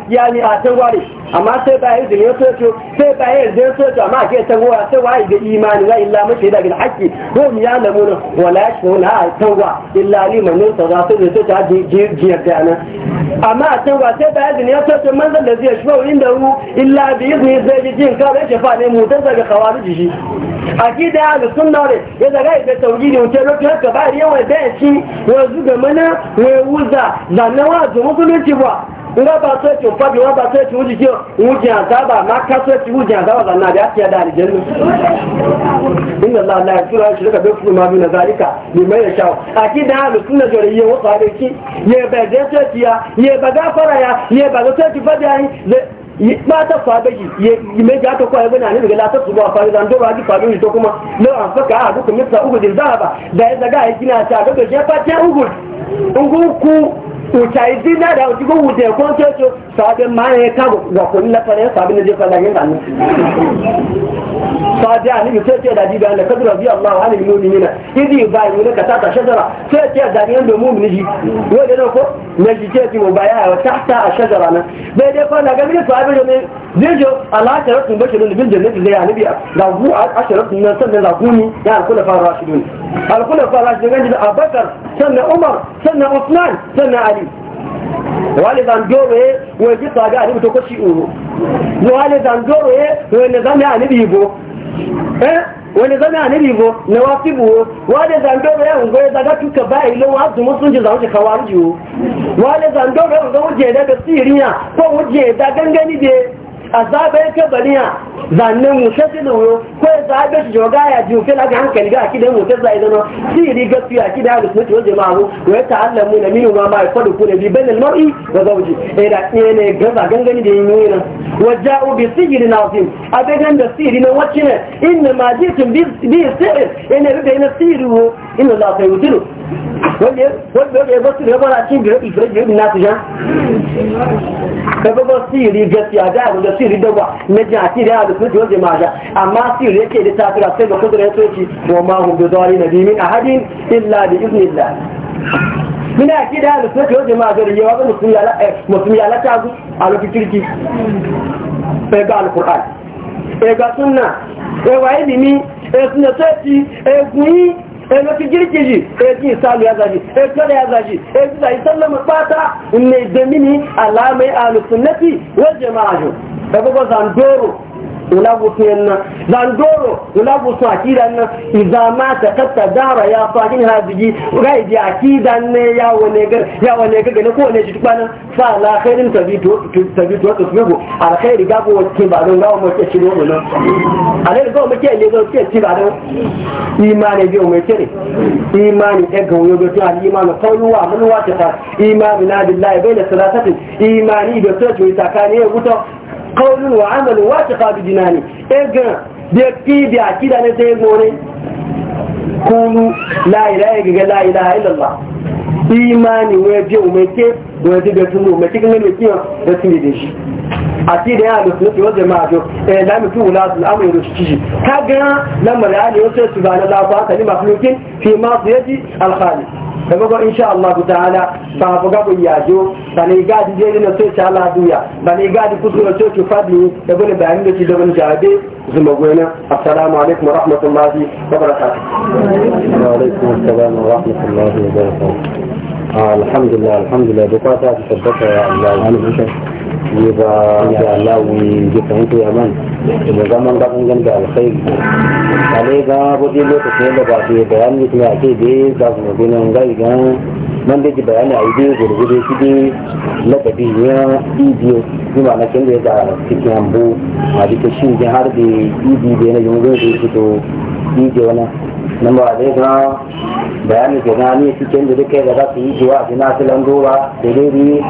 yan da adalci sai ne a can amma sai ba yi sojo sai ba yi sojo amma ke can sai da imani illa mace haƙƙi ko mu ya lamu na wala shi wani a can illa ni zai sojo a jiyar da nan amma a can sai ba yi sojo manzan da zai inda illa zai ji jin kawai ya shafa ne a gida yadda ga ita tauhidi wuce lokacin ka ba yawa da ya ci ga mana wai wuza wa zo musulunci ba in ba sai wa ba sai wuce wuce an ma ka sai an da ya da aljannu inna Allah la shi daga bai bi na zalika mai shawo akida halu sunna wa ki ye ba sai ya ye ba da fara ya ye ba sai ai bata fabaji mai ga aka kwaya bana ne daga latar su ba fari zan dora ji fabaji to kuma lau faka a sa ugu ugudin zahaba da ya zaga ya gina ta ga gaje fatiya ugu ugu ku ucayi dina da wuce ko wuce ko ce ce sabin ma ya ka ga kun la fare sabin da jefa lagin kan sabi ani bi ce ce da dibi Allah kadra bi Allah ani mu'minina idi ba yi ne ka ta ta shajara ce ce da ni da mu'mini ji yo da ko ne ji ce mu baya wa tahta ashjara na bai dai fa daga bi sabin da ne jejo Allah ta rasu bashi ne bil jannati zai ani bi da gu asharatu nan sannan da guni ya al-khulafa rashidun al-khulafa rashidun ga Abubakar sannan Umar sannan Uthman sannan Ali wali wale zandoro ye wani ji sabi a nibi to ko shi uru wale zandoro ye wani zame a nibi ibo eh wani zame a nibi ibo na wasu buwo wale zandoro ye ungoye zaga tuka ba ilo wa su musun ji zaunci kawaru jiwo wale zandoro ye ungoye da ga siriya ko wuje da gangani de azabai kabariya zannan mushasi da wuro ko ya zaɓe shi joga ya ji ofela ga hankali ga akidan mutar zai zama siri gaskiya akidan halin mutu wajen ma'amu wa ya ta'alla mu na minu ma ma'a kwadu kuna bi bainal mar'i wa zauji ɗaya da ɗaya ne gaza gangani da yin yi nan wajen ubi sihiri na wasu abegan da sihiri na wacce ne inda ma ji sun bi sihir yana rufe na sihiri wo inda za su yi mutu wanda ya basu da ya bara cin biyar ifirar na nasu jan ka gaba sihiri gaskiya da abu da asiri da ba na ji asiri ya da sunan jiwon jama'a amma asiri yake da tafira sai da kudura ya soci wa ma hu bi zawari na bimin ahadin illa bi iznillah muna e, e, e, yake da da sunan jiwon jama'a da yawa ga musulmi ya lata su a lokacin kirki sai ga alkur'an sai ga sunna sai wa ilimi sai sunna soci sai kuyi ẹlọ́tí gírígìrì ẹjí ìsàlù yázàjì ẹjọ́rẹ̀ yázàjì ẹjọ́ ìsàlọ́mọ̀ pátá ilẹ̀ ìdẹ́mí ni aláàmẹ́ alùsùn lẹ́tì wọ́n jẹ máa jù da kuma zandoro ulagu na zandoro ulagu su akidan nan ta dara ya fahim hadiji rai bi akidan ne ya wane ga ya wane ko ne fa la khairin al khairi ga ko ke ba don ke ba don imani bi imani da ga al imani mun wa ta imani na billahi bayna salatati imani da sai ta kane قول وعمل واثق بجناني إيجا بيكي بيكي دا نتيجوني كونوا لا إله إلا لا إله إلا الله إيماني ويبيع ومكي ويبيع ومكي ومكي ومكي ومكي ومكي àti ìdẹ́ àlò tó ti wọ́n jẹ máa jọ ẹ̀ lámì kí wùlá àti láwọn èrò ṣíṣì ká gan lámàrí àlè ó tẹ̀ tùbà ní láàbọ̀ àtàlí màfúlùkì fi máa fi yéjì alhali ẹgbẹ́gbọ́ insha Allah ta'ala ba a fuga bu yajo ba ne gadi jeri na so ta ala duya ba ne gadi kusu na so ki fadi da bane bayanin da ci da bane jabe zuma gwena assalamu alaikum wa rahmatullahi wa barakatuh wa alaikum assalam wa rahmatullahi wa barakatuh alhamdulillah alhamdulillah bukata ta tabbata ya Allah alhamdulillah ni ba da Allah wani ji fahimta ya man da zaman da an ganga alkhairi ale ga bude lokacin da ba ke bayani ne a ke be za ku ga nan man da ji bayani a yi gurgure shi dai lakabi ya idiyo ni ma na kin da da cikin ambu a dika shi har da idiyo ne da na nan ba zai ga bayani ke gani cikin ah, da duka da za su yi jiwa a jina su landowa da dai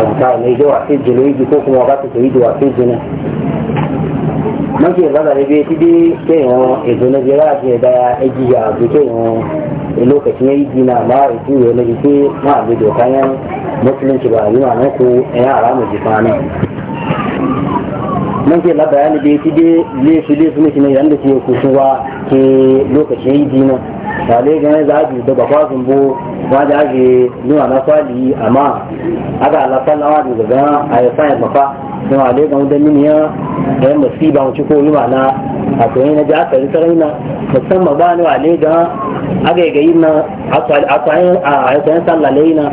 a zuka mai jiwa jini jiloyi ko kuma ba su yi jiwa sai jini mafi yarda zai rabe ti dai ke yawon ezo na jira ke da ya aiki a zuke yawon lokacin yayi dina ma a isi yau na jike ma a zai dokan yan musulunci ba yi ma na ku yan haramun jifa nan mun ke la bayani da yake dai le shi dai sun kina yanda ke kusurwa ke lokacin yi dina ba dai gane za a ji da bakwa zumbo ba da ake nuna na kwali amma a ga la lawa da zaga a ayi sai mafa don ale ga wanda min ya da masiba mu ci ko yi mana a to na da aka yi sarayna musamman ba ni ale ga aga ga yin na akwayin a sallale yi na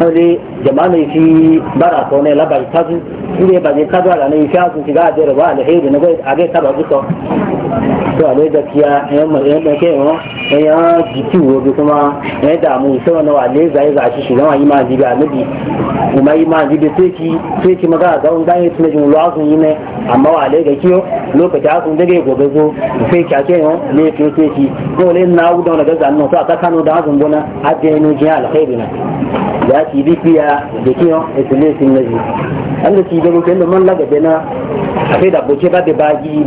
wani jama'a mai fi bara ko ne labar tazu inda ya bazin tazu ranar yi fi asun shiga a jere ba alheri na gwai a gai taba zuto to a dai gaskiya yan mariyan da ke yawan oh, yan eh, ya jiki wobi kuma yan eh, damu zai za shi kuma imanji da sai ki sai ki maga ga wani ya tuna jin ruwa sun yi ne amma wa ga kiyo oh, lokaci akun yi gobe zo sai ki ake yawan oh, ne ke sai ki ko na wani gaza da gona na ya ci da kiyo yi ci da sai da ba da baji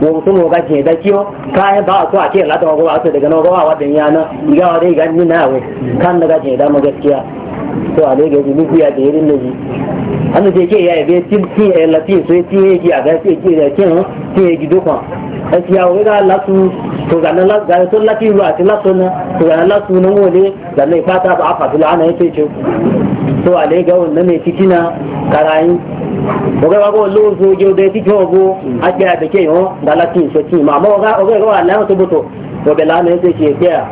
wo sun ga ke da kiyo kayan ba ko a ke la da ko a ce daga nawa wa da yana ga wa dai ga ni na wai kan daga ke da mu gaskiya to a ne ga yi nufi a da yarin da shi hannu ke yaya bai tin tin a lafi so ti ya gi a ga sai ke da kin ti ya eh, gi eh, dukan a ti ya ga to ga nan ga to ruwa ti latu na to ga nan latu nan wole da mai fata ba a fatu la'ana yace ce to a ne ga wannan mai fitina karayin ọgá wa kó lóòótọ́ ojú ọdẹ títí ọgbó ajé àbẹ̀kẹ́ yìí wọn dá láti ìṣẹ́tì mọ́ àmọ́ ọgá ọgá ìrọ̀lẹ́ àwọn tó bọ̀tọ̀ to lánàá ẹ̀ ṣe ṣe ẹ̀kẹ́ à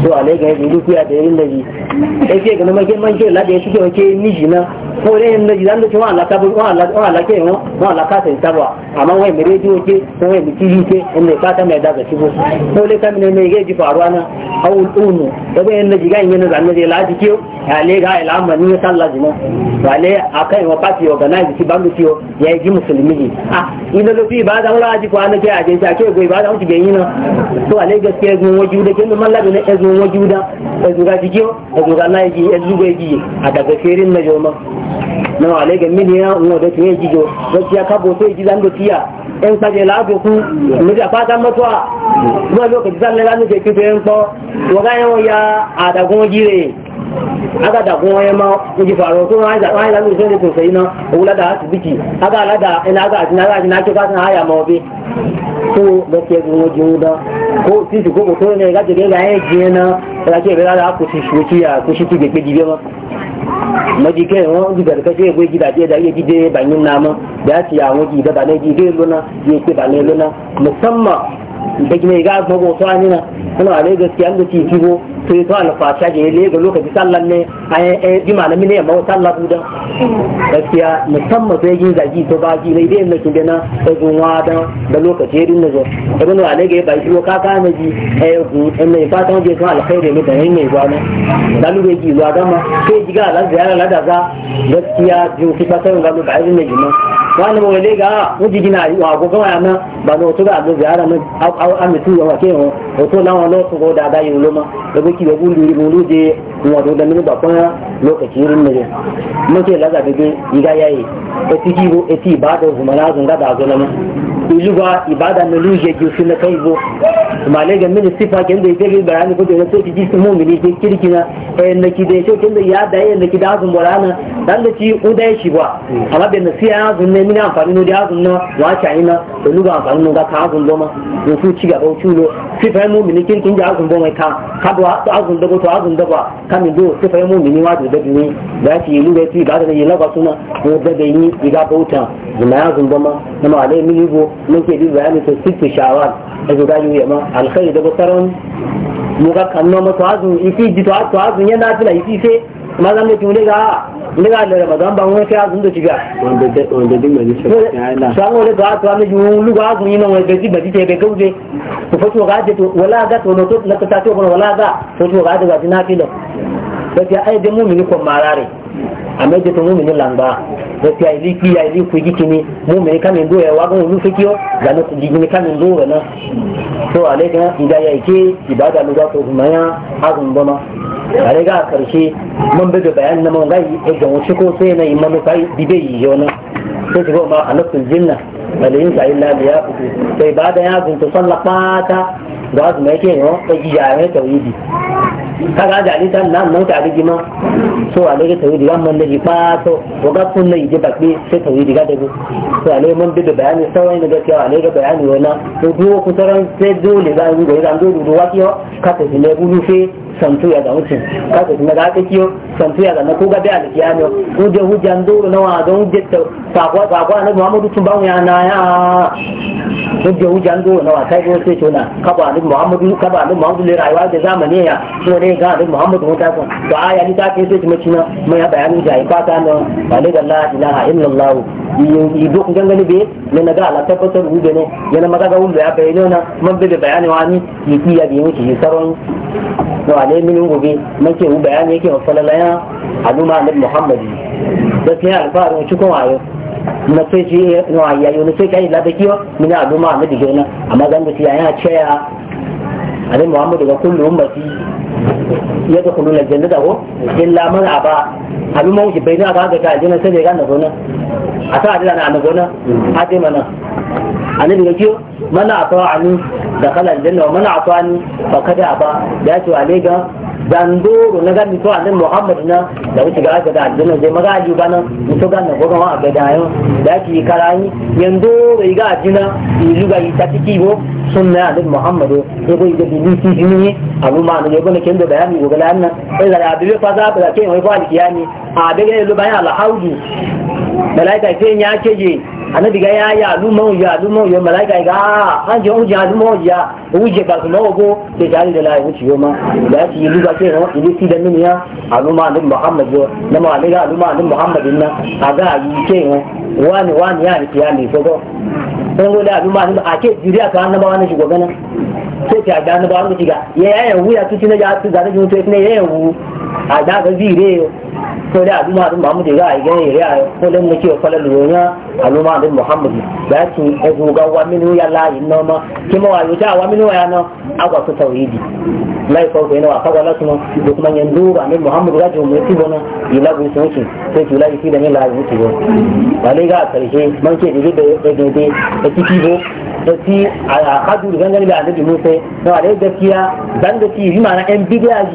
so alaika ya zuru kuya da yin laji sai ke ga numa manke man ke wake miji na ko da yin laji zanda da wa Allah ka bu wa Allah ta Allah ke Allah ka amma wai mere ji wake ko wai mu tiji ke inda ka ta mai da ga ko le kamin ne ga ji faruwa na awul unu da bayan laji ga yin zanda da ke ya le ila amma ni ta na wale wa organize ki ya ji musulmi ah ina ba ko an ke ba zan yin na ji wani juda da a ji kiyo da zuga na ji ya zuga ji a daga ferin na joma na wale ga mini ya unwa da tuye ji jo gaskiya ka boto ji zan dotiya en saje la do ku mi da fata matwa ba lokaci zan la ke kiyo en ko waga ya a daga wani aga da kuma ya ma kuji faro to ma da wani lalu sai to sai na wula da asibiti aga la da ina aga ina ga ina ke kasan haya ma obi to da ke go jiwo da ko ti ko to ne ga de ga e je na ga ke ku shi ya ku shi ma ji ke ji da ka je go ji da je da ye ji de ba na ma da ti ya won ji da ba ne ji de luna ye ke ba ne luna musamman da kime ga mago to na kana ale da ti to yi to alfasha ga yale ga lokaci sallan ne a yi ji malami ne yamma sallah buda gaskiya musamman sai yi zagi to ba ji ne dai na kin dana da gunwa da da lokaci yadin na zo ibn ali ga ba shi ka ka na ji a eh gun ne fatan je to alkhairi ne da ne ba ne da lura ji zuwa gama sai ji ga lan ziyara la za gaskiya ji ki fatan ga gano ba yi ji ma wani mu le ga wuji gina a yi wa go ga yana ba na wato da lu ziyara na au amitu wa ke ho to na wani no ko da ga yi ulama da ki da gundu gundu je wato da ba bakon lokaci irin ne mace laza da ge iga yayi ta e tiki bo eti ba da kuma na zunga da zo na mu iluwa e ibada na luje ki su na kai bo kuma le ga mini sifa ke ken da yake bayani ko da sai ji su mu'mini ke kirkina eh na ki da shi ken da ya da ya na ki da zun borana dan da ci udai shi ba amma da nasiya ya zun ne mini amfani no da zun na wa ta ina da luga amfani no ga ka zun loma su ci gaba ciwo sifa mu'mini kirkin da zun bo mai ka kadwa to azun dago to azun dago kamin do sai fa mu ni wa da dini da shi lu da shi ba da yi laba suna ko da da ni diga bauta zuma ya zun dama kuma alai mini go mun ke diba yani to sitti shawal da ga yi ma khair da basaran mu ga kanno ma to azun ifi ji to azun yana da ifi sai ma zan da tuni ga ni ga da ba zan ba mun kai da shiga wanda da wanda din mai shi ya wanda ga ta ne yun lu ga azun ina wanda ji baji be gauje ko fato ga da wala ga to no to na ta to wala ga to ga da na filo gaskiya ai da mumini ko marare amma da to mumini langba, gaskiya ili ki ya ili ku ni mumini kamin do ya wa ga lu fikiyo da na ku giki ni kamin do na to ale ga inda ya ke ibada lu ga ko kuma ya azun bama ale ga karshe mun bi bayan e, na mun ga yi ga wuce ko sai na imanu kai bibe yi yona sai ga ma anakul jinna bal insa illa biya sai ba da ya gunta sallata ga su mai kenan ta gijayen tauhidi kaga da ni ta nan ta rigi ma so a lege tauhidi ga man da ji ba to ko ga kun ne ji bakbe sai tauhidi ga dabi so a lege mun bi da bayani sai ne gaskiya a lege bayani wala to duwo ku taran sai dole ga ni ga dan do do wa kiyo ka ta ne bulu sai santu ya da mutum ka ta ne ga ta kiyo samfiya da na kuga a da kiyano kuje hujjan duru na wa don sakwa sakwa na Muhammadu tun ba ya na ya hujjar hujjan duru na wa sai sai tuna kaba ni Muhammadu kaba ni Muhammadu le rayuwa da zamani ya so ne ga ni Muhammadu mun ta ko to aya ni ta ke sai kuma cina mun ya bayani da ai fata na walida la ilaha illallah yi duk gangani be ne na ga Allah tabbatar hujja ne yana magaga wanda ya bayyana na man bi bayani wani yi kiyaye muke saron ale gobe nake bayani yake wa sallallahu yana aluma annabi muhammadi da sai alfaru cikin wayo na sai ji na ayayo ne sai kai labaki wa mina aluma annabi gona amma zan ga ce cewa annabi muhammadu ga kullu ummati ya da kullu na jannata ko illa man aba aluma wuce bai na ga ga aljanna sai da ga na gona a ta aljanna na gona a dai mana annabi ga kiyo mana ata'ani dakhala aljanna wa mana ata'ani dandoro na gani to annabi Muhammad na da wuce ga aka da aljanna zai magaji bana to ga na gogon a gada yau da ki karani yando rai ga jina ilu ga ita tiki bo sunna annabi Muhammad ya bai da bilisi jini abu ma ne gona ken da bayani goga nan nan sai da abu fa za ka ke mai ba alkiyani a daga yalu bayan alhaudu malaika ce ya ce je annabi ga ya ya lu mu ya lu mu ya malaika ga ah, an je mu ya lu mu ya wuje ba su mawo go da jari da lai wuce yo ma da ki luga sallallahu alaihi ilisi da min ya aluma na ma ne ga aluma na yi ke wani wani ya ya sogo sun ake jiriya ka wani wani shiga ya ya tuci na ja da to ya a da ga zire ko da yi ya ko ya ci ga wa ya kima wa wa ya agwa su lai wa suna da kuma yan duru a muhammadu ya ga a karshe man ke jiri da ya a gangani gaskiya na yan bidiya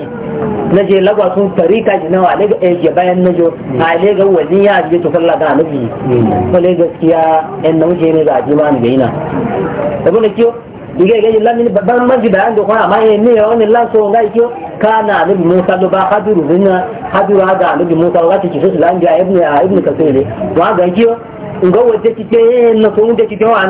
na je lagwa sun tarika ji na ga eje bayan na jo a ga ya to yan nauje ne da ajima ne kiyo diga ga illa min ban maji bayan da kuma amma ne ya wani lanso ga yake kana nabi Musa da ba haduru dinna haduru ga nabi Musa ga ta kishi lan ga ibnu ah, ibnu kasir ne wa ga yake in ga na so mun da kike wa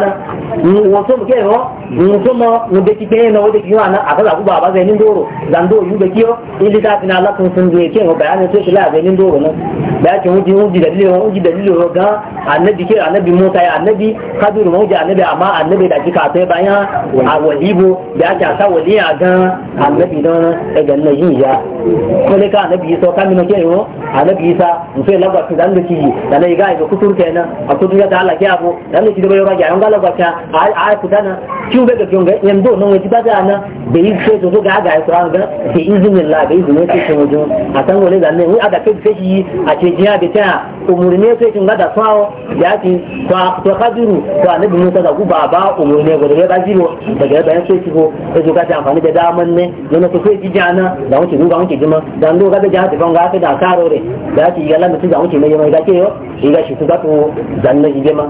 muke mm, ro musamman mu da kike na wanda kiyo na aka k'u baba ga nin doro zando yu da kiyo in lita fina Allah kun sun je ke bayanin sai kila ga nin doro nan da yake wuji wuji da dalilin wuji da dalilin ga annabi ke annabi Musa ya annabi Khadiru wuji annabi amma annabi da kika sai bayan a walibo da yake sa waliya ga annabi don daga nan yin ya ko ne ka annabi so kan mun ke yo annabi sai ki dan da ki da ne ga ga kutur kenan a kutur da Allah ke abu dan ki da bayo ga yan galaba ka a a kutana ti ube gafi nga yando nan wani ba na da yi ce to ga ga ikra ga da izinin la da izinin sai to wajen a san wani zanne wani aka kai sai shi a ce jiya da ta umurne sai tun ga da fawo ya ci ba to kadiru to annabi Musa da ku ba ba umurne ga da ba jiro daga bayan sai ci ko sai to ga ta amfani da daman ne don to sai ji jana da wuce ga wuce jima dan do ga da jana da ga ta da karo re da ci ga lamu da wuce mai mai ga ke yo ga shi ku ga to zanne ji jima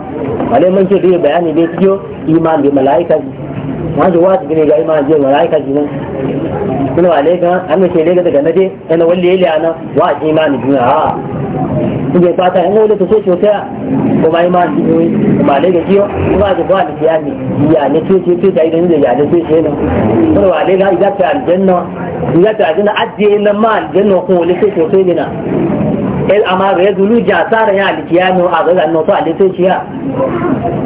ale mun ce dai bayani dai ciyo iman bi malaika wanzu ti gini gari ima jẹ́ wa raika jìnnà nínú wa gan an ilé gẹ́gẹ́ daga nade yana lé ilé àná wa àti ìmá nìjú náà ha níbi ìpátá ẹ̀ ń wọlé tó tó tó tẹ́ ọ máa ìmá ti wí ọmọ àlẹ́ gẹ́gẹ́ yọ wọ́n bá ti bọ́ àti ìyá mi ìyá ní tí ó ti tó dáyé nílé ìyá ní tó ṣe nà nínú àlẹ́ gan ìyá tẹ àlùjẹ́ náà el amara ya zulu jasara ya alikiya no a ga no to alito ciya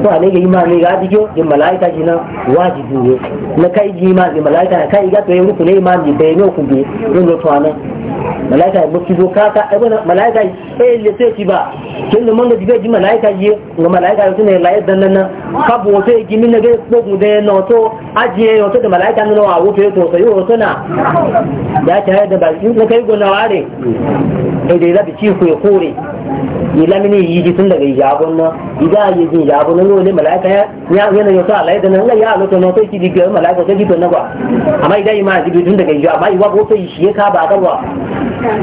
to ale ga imani ga dijo di malaika shi na wajibi ne na kai ji ma di malaika kai ga to ne ima ne bai no ku bi don no to ana malaika ba ki zo ka ka ai malaika eh le sai ci ba kin da manga dibe ji malaika ji ga malaika su ne laye dan nan ka bo sai gi min ga ko mu da no to ajiye yo to da malaika no wa wuce to sai yo to na ya ta da ba ki na kai gona ware eh dai za yi kuwa kore ila mini yi ji tun daga ijabun na ida yi ji na lole malaka ya yana yau sa alai nan ya alo na to ki ga malaka ta gito na ba amma yi ma ji tun daga ijabun amma wa ko to yi shi ka ba ka ba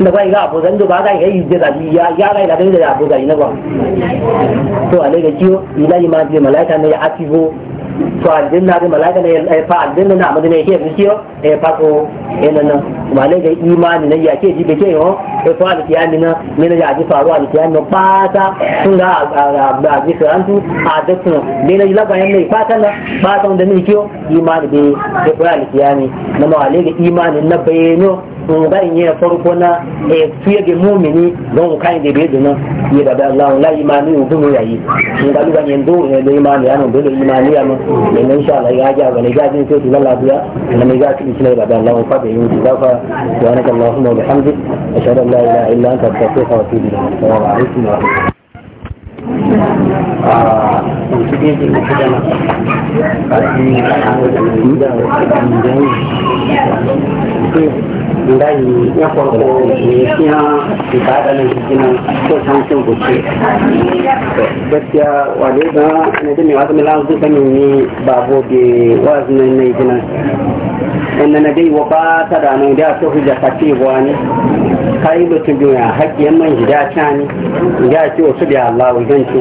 da ba ida abu zan ba ga yi da da ya ya ga da da abu ga ina ba to alai ga kiyo ila yi ma ji malaka ne ya atibo to aljanna da malaka ne ya fa aljanna na amadu ne ke bikiyo ya fa ko yana na kuma ne ga imani ne ya ke jibe ke yo ya fa da kiyami na ne ya ji faruwa da kiyami na fata sun ga a ji karantu a dakkun ne ne la bayan ne fata na fata da ne kiyo imani be ya fa da kiyami na ma ne ga imani na bayano nga nye farko na e fiye ga mumini don kan da bai dana ya da Allah la imani u dumu yayi nga duba nye ne da imani ya non dole imani ya ne insha Allah ya ga ga ne ga jin ne ne ga kin sai da Allah fa da yin da fa wa anaka Allahumma ashhadu an la ilaha illa anta astaghfiruka wa atubu assalamu wa rahmatullahi ndayi ya farko ne da ibada ne kina ko san kin gobe gaskiya wale da ne da me wasu milan su kan ni babo be wasu ne na kina wannan na dai wa ta da nan da ta hujja ta ce wani kai mutum biya hakiyan man hida ta ni ya ce wasu da Allah wajen ce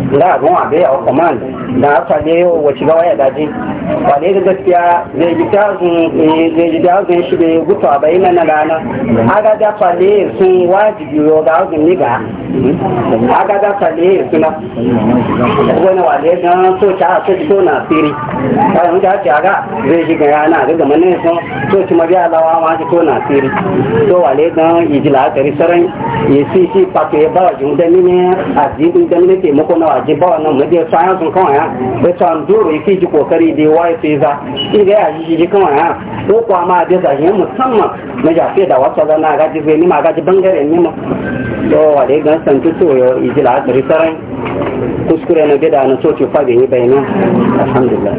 da a wa bai a kwaman da aka ne wace gawa ya daji ba ne da gaskiya zai ji dazun shi bai gutu a bayi nan rana aga da fale sun wajibi yau da azun ni ga aga da fale suna wani wale don so a so ci so na siri kayan da ake aga zai shiga gaya na daga mani sun so ci mabi alawa ma ci so na siri So wale don yi ji la'akari sarai ya si si pato ya ba wa jin damini a jin damini taimako na wa ji ba wannan mu dai tsayan sun kawai ya bai tsan duro yake ji kokari ya waye sai za in ga ya ji ji kawai ya ko kwa ma da za yin musamman na ja sai da wata zana ga ji sai ni ma ga ji bangare ni ma to wale gan san tu yi yo iji la tsari sarai kuskure na gida na so ci fa bai bayina alhamdulillah